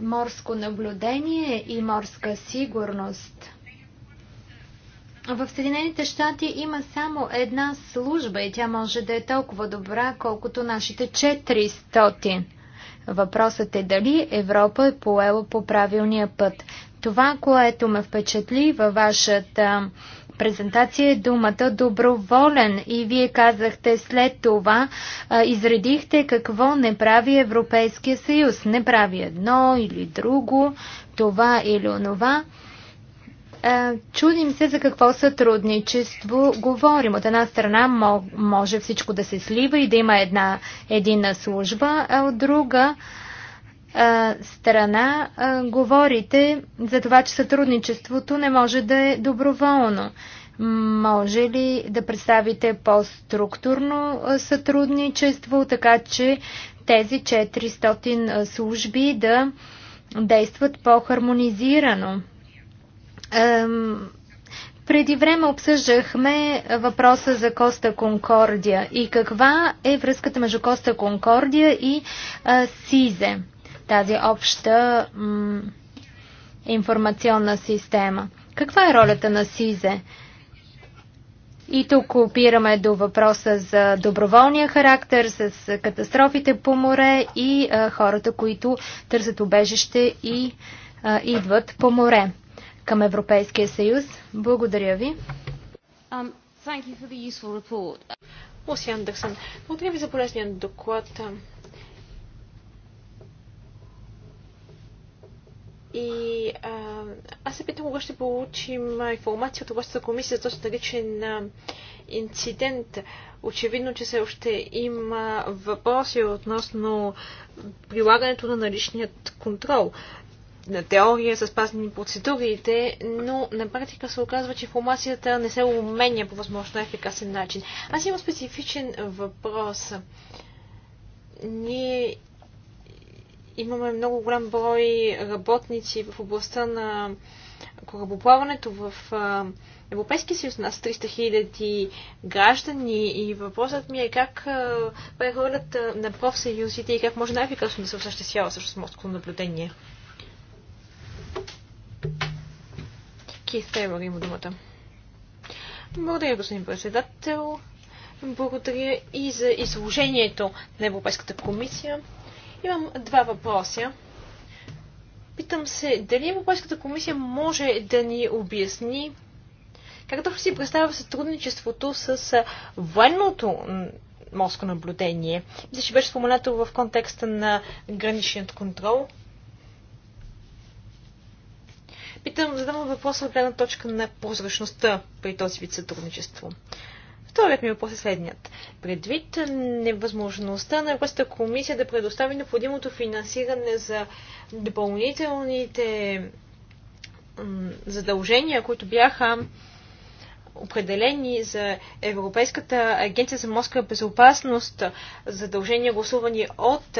морско наблюдение и морска сигурност. В Съединените щати има само една служба и тя може да е толкова добра, колкото нашите 400. Въпросът е дали Европа е поела по правилния път. Това, което ме впечатли във вашата презентация е думата доброволен и вие казахте след това, а, изредихте какво не прави Европейския съюз. Не прави едно или друго, това или онова. А, чудим се за какво сътрудничество говорим. От една страна може всичко да се слива и да има една едина служба, а от друга а, страна говорите за това, че сътрудничеството не може да е доброволно. Може ли да представите по-структурно сътрудничество, така че тези 400 служби да действат по-хармонизирано? Преди време обсъждахме въпроса за Коста Конкордия и каква е връзката между Коста Конкордия и СИЗЕ тази обща информационна система. Каква е ролята на СИЗЕ? И тук опираме до въпроса за доброволния характер, с катастрофите по море и а, хората, които търсят убежище и а, идват по море към Европейския съюз. Благодаря ви. Um, Благодаря ви за полезния доклад. И а, аз се питам кога ще получим информация от областната комисия за този наличен инцидент. Очевидно, че все още има въпроси относно прилагането на наличният контрол. На теория са спазени процедурите, но на практика се оказва, че информацията не се уменя по възможно ефикасен начин. Аз имам специфичен въпрос. Ние Имаме много голям брой работници в областта на корабоплаването в Европейския съюз, нас 300 хиляди граждани и въпросът ми е как е на профсъюзите и как може най-ефикасно да се осъществява също морско наблюдение. Кейс Тейлор има думата. Благодаря, господин председател. Благодаря и за изложението на Европейската комисия. Имам два въпроса. Питам се, дали Европейската комисия може да ни обясни как да си представя сътрудничеството с военното морско наблюдение? Мисля, че беше споменато в контекста на граничният контрол. Питам, задам въпроса от гледна точка на прозрачността при този вид сътрудничество. Вторият ми въпрос е следният. Предвид невъзможността на Европейската комисия да предостави необходимото финансиране за допълнителните задължения, които бяха определени за Европейската агенция за морска безопасност, задължения гласувани от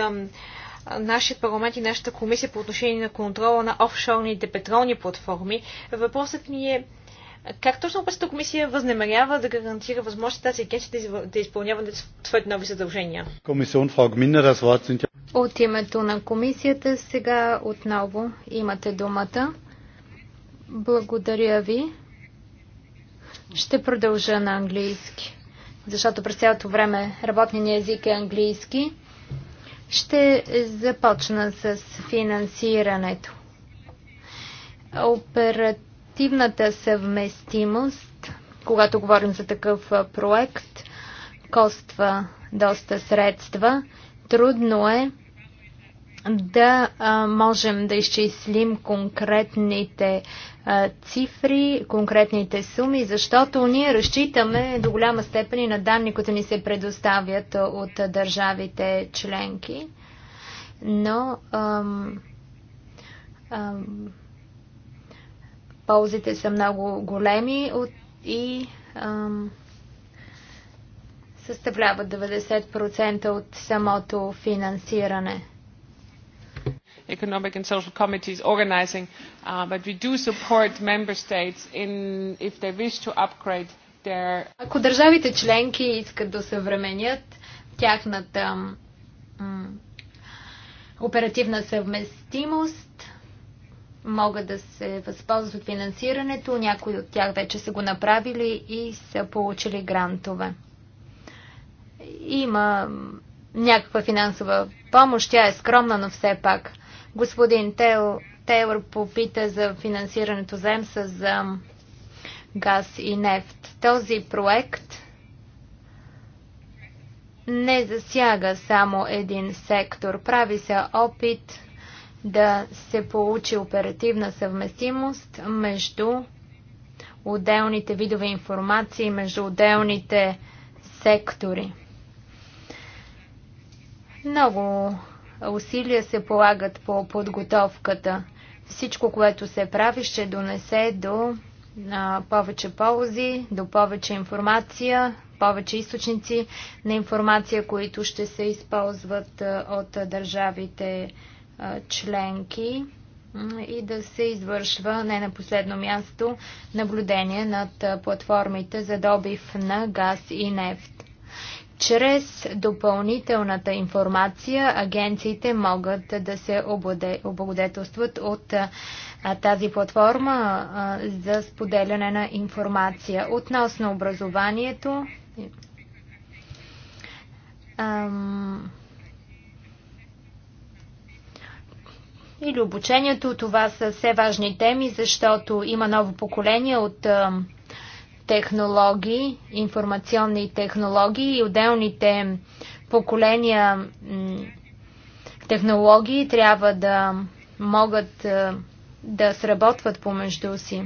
нашия парламент и нашата комисия по отношение на контрола на офшорните петролни платформи. Въпросът ми е как точно Европейската комисия възнамерява да гарантира възможност тази агенция да изпълнява своите нови задължения? От името на комисията сега отново имате думата. Благодаря ви. Ще продължа на английски, защото през цялото време работният език е английски. Ще започна с финансирането. Оперативно оперативната съвместимост, когато говорим за такъв проект, коства доста средства. Трудно е да можем да изчислим конкретните цифри, конкретните суми, защото ние разчитаме до голяма степен и на данни, които ни се предоставят от държавите членки. Но ам, ам, Ползите са много големи и ам, съставляват 90% от самото финансиране. Economic and Social Committees organizing, uh, but we do support member states in if they wish to upgrade their. Ако държавите членки искат да съвременят тяхната м, оперативна съвместимост, могат да се възползват финансирането. Някои от тях вече са го направили и са получили грантове. Има някаква финансова помощ, тя е скромна, но все пак. Господин Тейл, Тейлор попита за финансирането за за газ и нефт. Този проект не засяга само един сектор. Прави се опит да се получи оперативна съвместимост между отделните видове информации, между отделните сектори. Много усилия се полагат по подготовката. Всичко, което се прави, ще донесе до повече ползи, до повече информация, повече източници на информация, които ще се използват от държавите членки и да се извършва не на последно място наблюдение над платформите за добив на газ и нефт. Чрез допълнителната информация агенциите могат да се облагодетелстват от тази платформа за споделяне на информация. Относно образованието, или обучението. Това са все важни теми, защото има ново поколение от технологии, информационни технологии и отделните поколения технологии трябва да могат да сработват помежду си.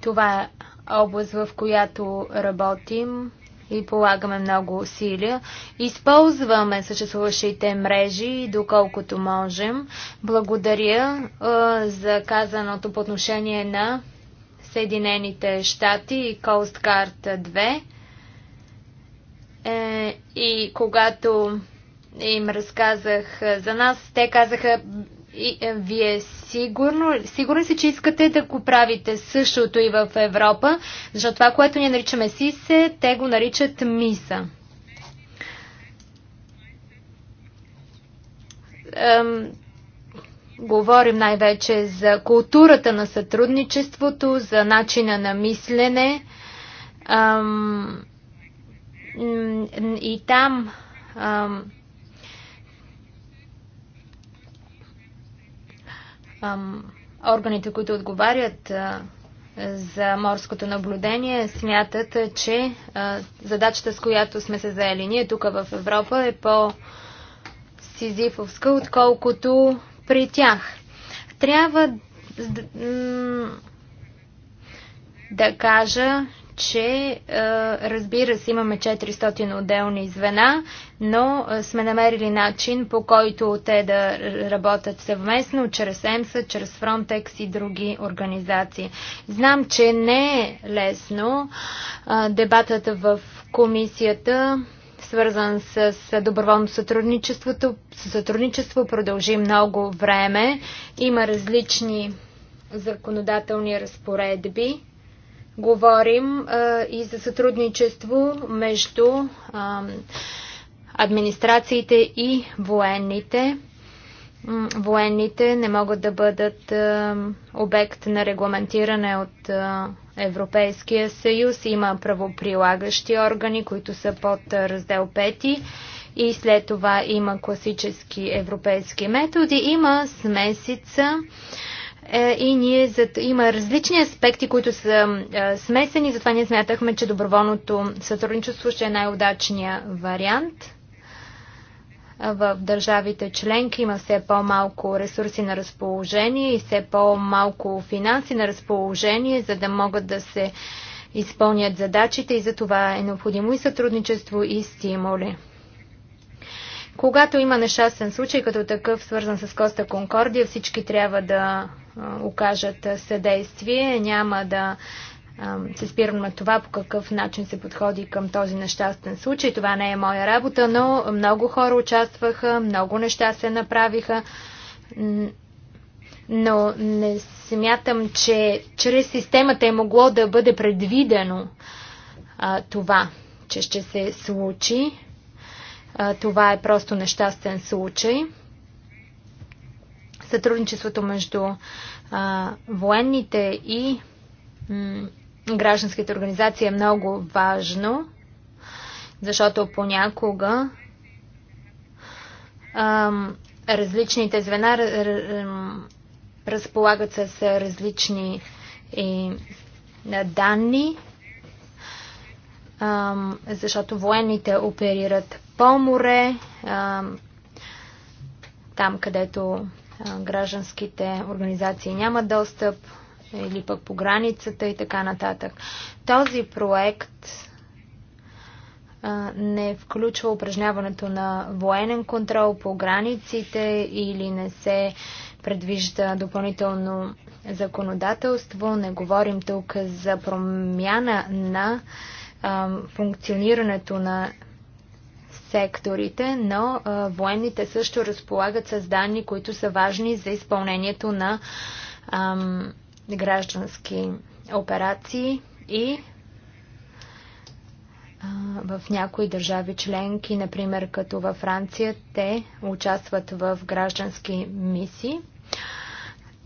Това е област, в която работим и полагаме много усилия. Използваме съществуващите мрежи, доколкото можем. Благодаря а, за казаното по отношение на Съединените щати и Coast Guard 2. Е, и когато им разказах за нас, те казаха, и, е, вие сигурно, сигурно си, че искате да го правите същото и в Европа, защото това, което ние наричаме СИСЕ, те го наричат МИСА. Ем, говорим най-вече за културата на сътрудничеството, за начина на мислене. Ем, и там ем, органите, които отговарят за морското наблюдение, смятат, че задачата, с която сме се заели ние тук в Европа, е по-сизифовска, отколкото при тях. Трябва да кажа, че е, разбира се имаме 400 отделни звена, но е, сме намерили начин по който те да работят съвместно, чрез ЕМСА, чрез Frontex и други организации. Знам, че не е лесно е, дебатата в комисията свързан с доброволно сътрудничеството. Сътрудничество продължи много време. Има различни законодателни разпоредби Говорим а, и за сътрудничество между а, администрациите и военните. Военните не могат да бъдат а, обект на регламентиране от а, Европейския съюз. Има правоприлагащи органи, които са под раздел 5 и след това има класически европейски методи. Има смесица е, и ние има различни аспекти, които са е, смесени, затова ние смятахме, че доброволното сътрудничество ще е най-удачният вариант. В държавите членки има все по-малко ресурси на разположение и все по-малко финанси на разположение, за да могат да се изпълнят задачите и за това е необходимо и сътрудничество и стимули. Когато има нещастен случай, като такъв свързан с Коста Конкордия, всички трябва да окажат съдействие. Няма да се спирам на това по какъв начин се подходи към този нещастен случай. Това не е моя работа, но много хора участваха, много неща се направиха, но не смятам, че чрез системата е могло да бъде предвидено а, това, че ще се случи. А, това е просто нещастен случай сътрудничеството между а, военните и гражданските организации е много важно, защото понякога а, различните звена разполагат с различни и, данни, а, защото военните оперират по море, а, там където гражданските организации нямат достъп или пък по границата и така нататък. Този проект не включва упражняването на военен контрол по границите или не се предвижда допълнително законодателство. Не говорим тук за промяна на функционирането на секторите, но а, военните също разполагат с данни, които са важни за изпълнението на ам, граждански операции и в някои държави членки, например като във Франция, те участват в граждански мисии.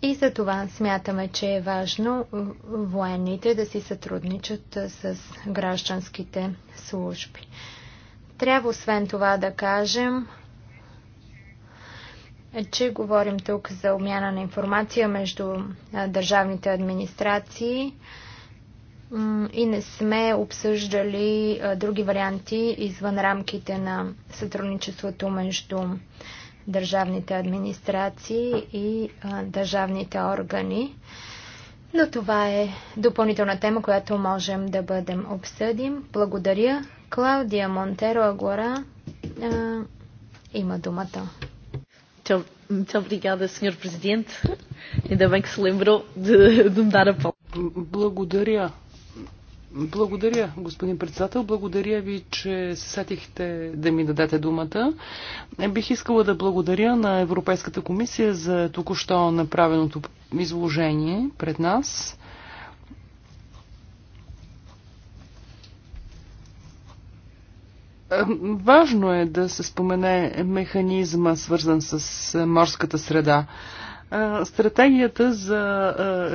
И за това смятаме, че е важно военните да си сътрудничат с гражданските служби. Трябва освен това да кажем, че говорим тук за обмяна на информация между държавните администрации и не сме обсъждали други варианти извън рамките на сътрудничеството между държавните администрации и държавните органи. Но това е допълнителна тема, която можем да бъдем обсъдим. Благодаря. Клаудия Монтеро Агора има думата. Muito obrigada, Sr. Presidente. Ainda bem que se lembrou de, de me dar a palavra. Благодаря. Благодаря, господин председател. Благодаря ви, че се сетихте да ми дадете думата. Бих искала да благодаря на Европейската комисия за току-що направеното изложение пред нас. Важно е да се спомене механизма, свързан с е, морската среда. Е, стратегията за е,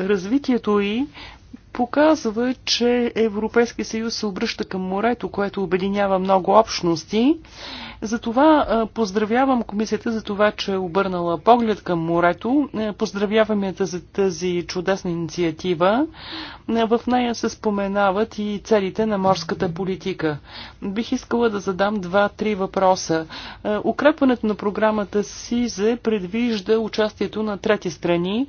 развитието и показва, че Европейския съюз се обръща към морето, което обединява много общности. Затова поздравявам комисията за това, че е обърнала поглед към морето. Е, поздравяваме те за тази чудесна инициатива. Е, в нея се споменават и целите на морската политика. Бих искала да задам два-три въпроса. Е, укрепването на програмата СИЗЕ предвижда участието на трети страни.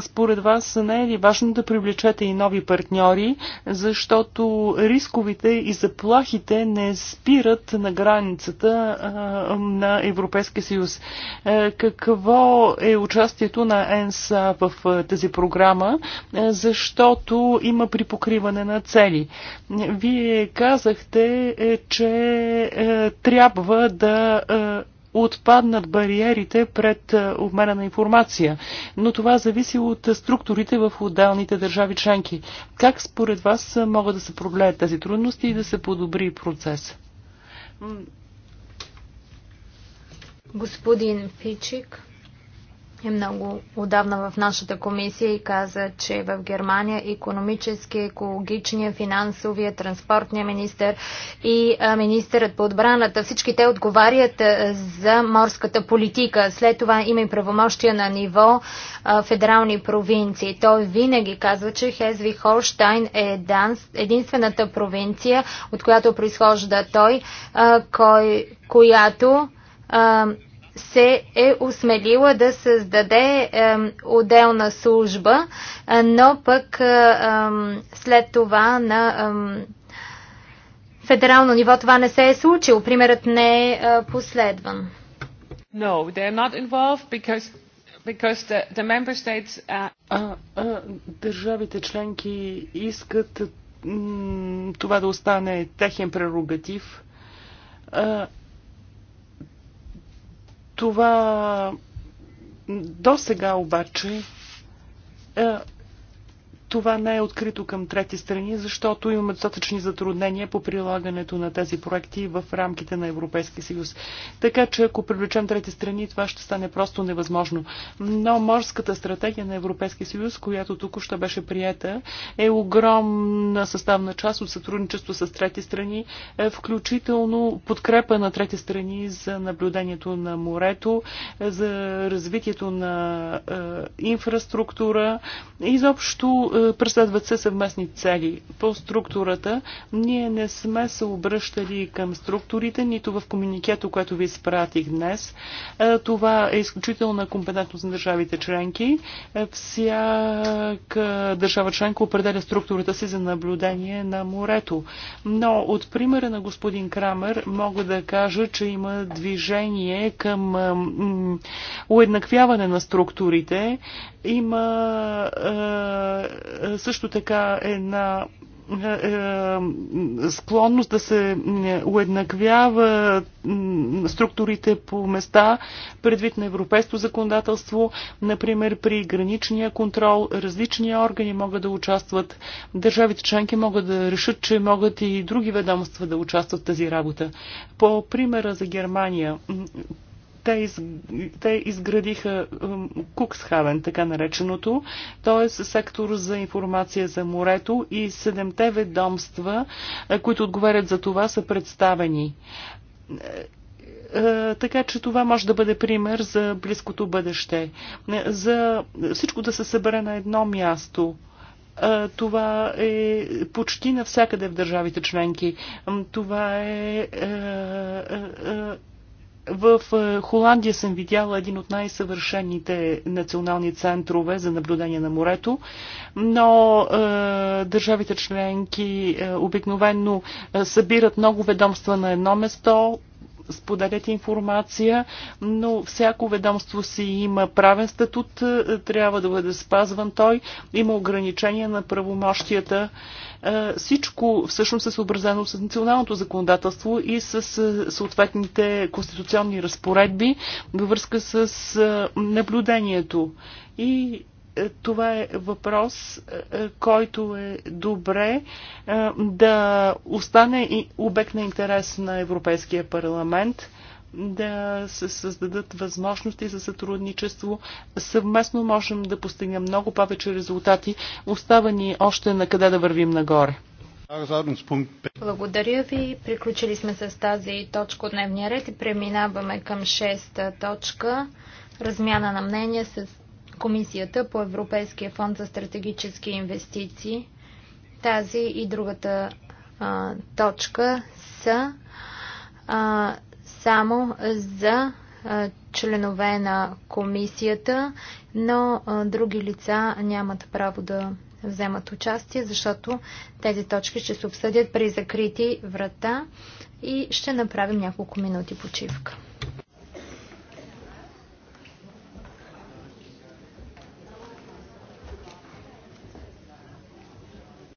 Според вас не е ли важно да привлечете и нови партньори, защото рисковите и заплахите не спират на границата на Европейския съюз. Е, какво е участието на ЕНСА в е, тази програма, е, защото има припокриване на цели. Вие казахте, че трябва да отпаднат бариерите пред обмена на информация, но това зависи от структурите в отдалните държави членки. Как според вас могат да се проблеят тези трудности и да се подобри процес? Господин Фичик е много отдавна в нашата комисия и каза, че в Германия економически, екологичния, финансовия, транспортния министр и министърът по отбраната, всички те отговарят за морската политика. След това има и правомощия на ниво федерални провинции. Той винаги казва, че Хезви Холштайн е единствената провинция, от която произхожда той, кой, която се е осмелила да създаде е, отделна служба, но пък е, след това на федерално ниво това не се е случило. Примерът не е, е последван. No, they're not involved because because the, the member states are... а, а, държавите членки искат това да остане техен прерогатив. А, това до сега обаче е, това не е открито към трети страни, защото имаме достатъчни затруднения по прилагането на тези проекти в рамките на Европейския съюз. Така че ако привлечем трети страни, това ще стане просто невъзможно. Но морската стратегия на Европейския съюз, която току-що беше приета, е огромна съставна част от сътрудничество с трети страни, е, включително подкрепа на трети страни за наблюдението на морето, е, за развитието на е, инфраструктура, и изобщо преследват се съвместни цели. По структурата ние не сме се обръщали към структурите, нито в комуникето, което ви изпратих днес. Е, това е изключителна компетентност на държавите членки. Е, всяка държава членка определя структурата си за наблюдение на морето. Но от примера на господин Крамер мога да кажа, че има движение към уеднаквяване на структурите има е, е, също така една е, е, склонност да се уеднаквява структурите по места предвид на европейско законодателство. Например, при граничния контрол различни органи могат да участват. Държавите членки могат да решат, че могат и други ведомства да участват в тази работа. По примера за Германия, те, из, те изградиха Куксхавен, така нареченото, т.е. сектор за информация за морето и седемте ведомства, е, които отговарят за това, са представени е, е, така че това може да бъде пример за близкото бъдеще. За всичко да се събере на едно място. Това е почти навсякъде в държавите членки. Това е в е, Холандия съм видяла един от най-съвършените национални центрове за наблюдение на морето, но е, държавите членки е, обикновенно е, събират много ведомства на едно место, споделят информация, но всяко ведомство си има правен статут, е, трябва да бъде спазван той, има ограничения на правомощията. Е, всичко всъщност е съобразено с националното законодателство и с е, съответните конституционни разпоредби във връзка с наблюдението. И е, това е въпрос, е, е, който е добре да остане и обект на интерес на Европейския парламент, да се създадат възможности за сътрудничество. Съвместно можем да постигнем много повече резултати. Остава ни още на къде да вървим нагоре. Благодаря ви. Приключили сме с тази точка от дневния ред и преминаваме към шеста точка. Размяна на мнение с Комисията по Европейския фонд за стратегически инвестиции. Тази и другата а, точка са а, само за а, членове на комисията, но а, други лица нямат право да вземат участие, защото тези точки ще се обсъдят при закрити врата и ще направим няколко минути почивка.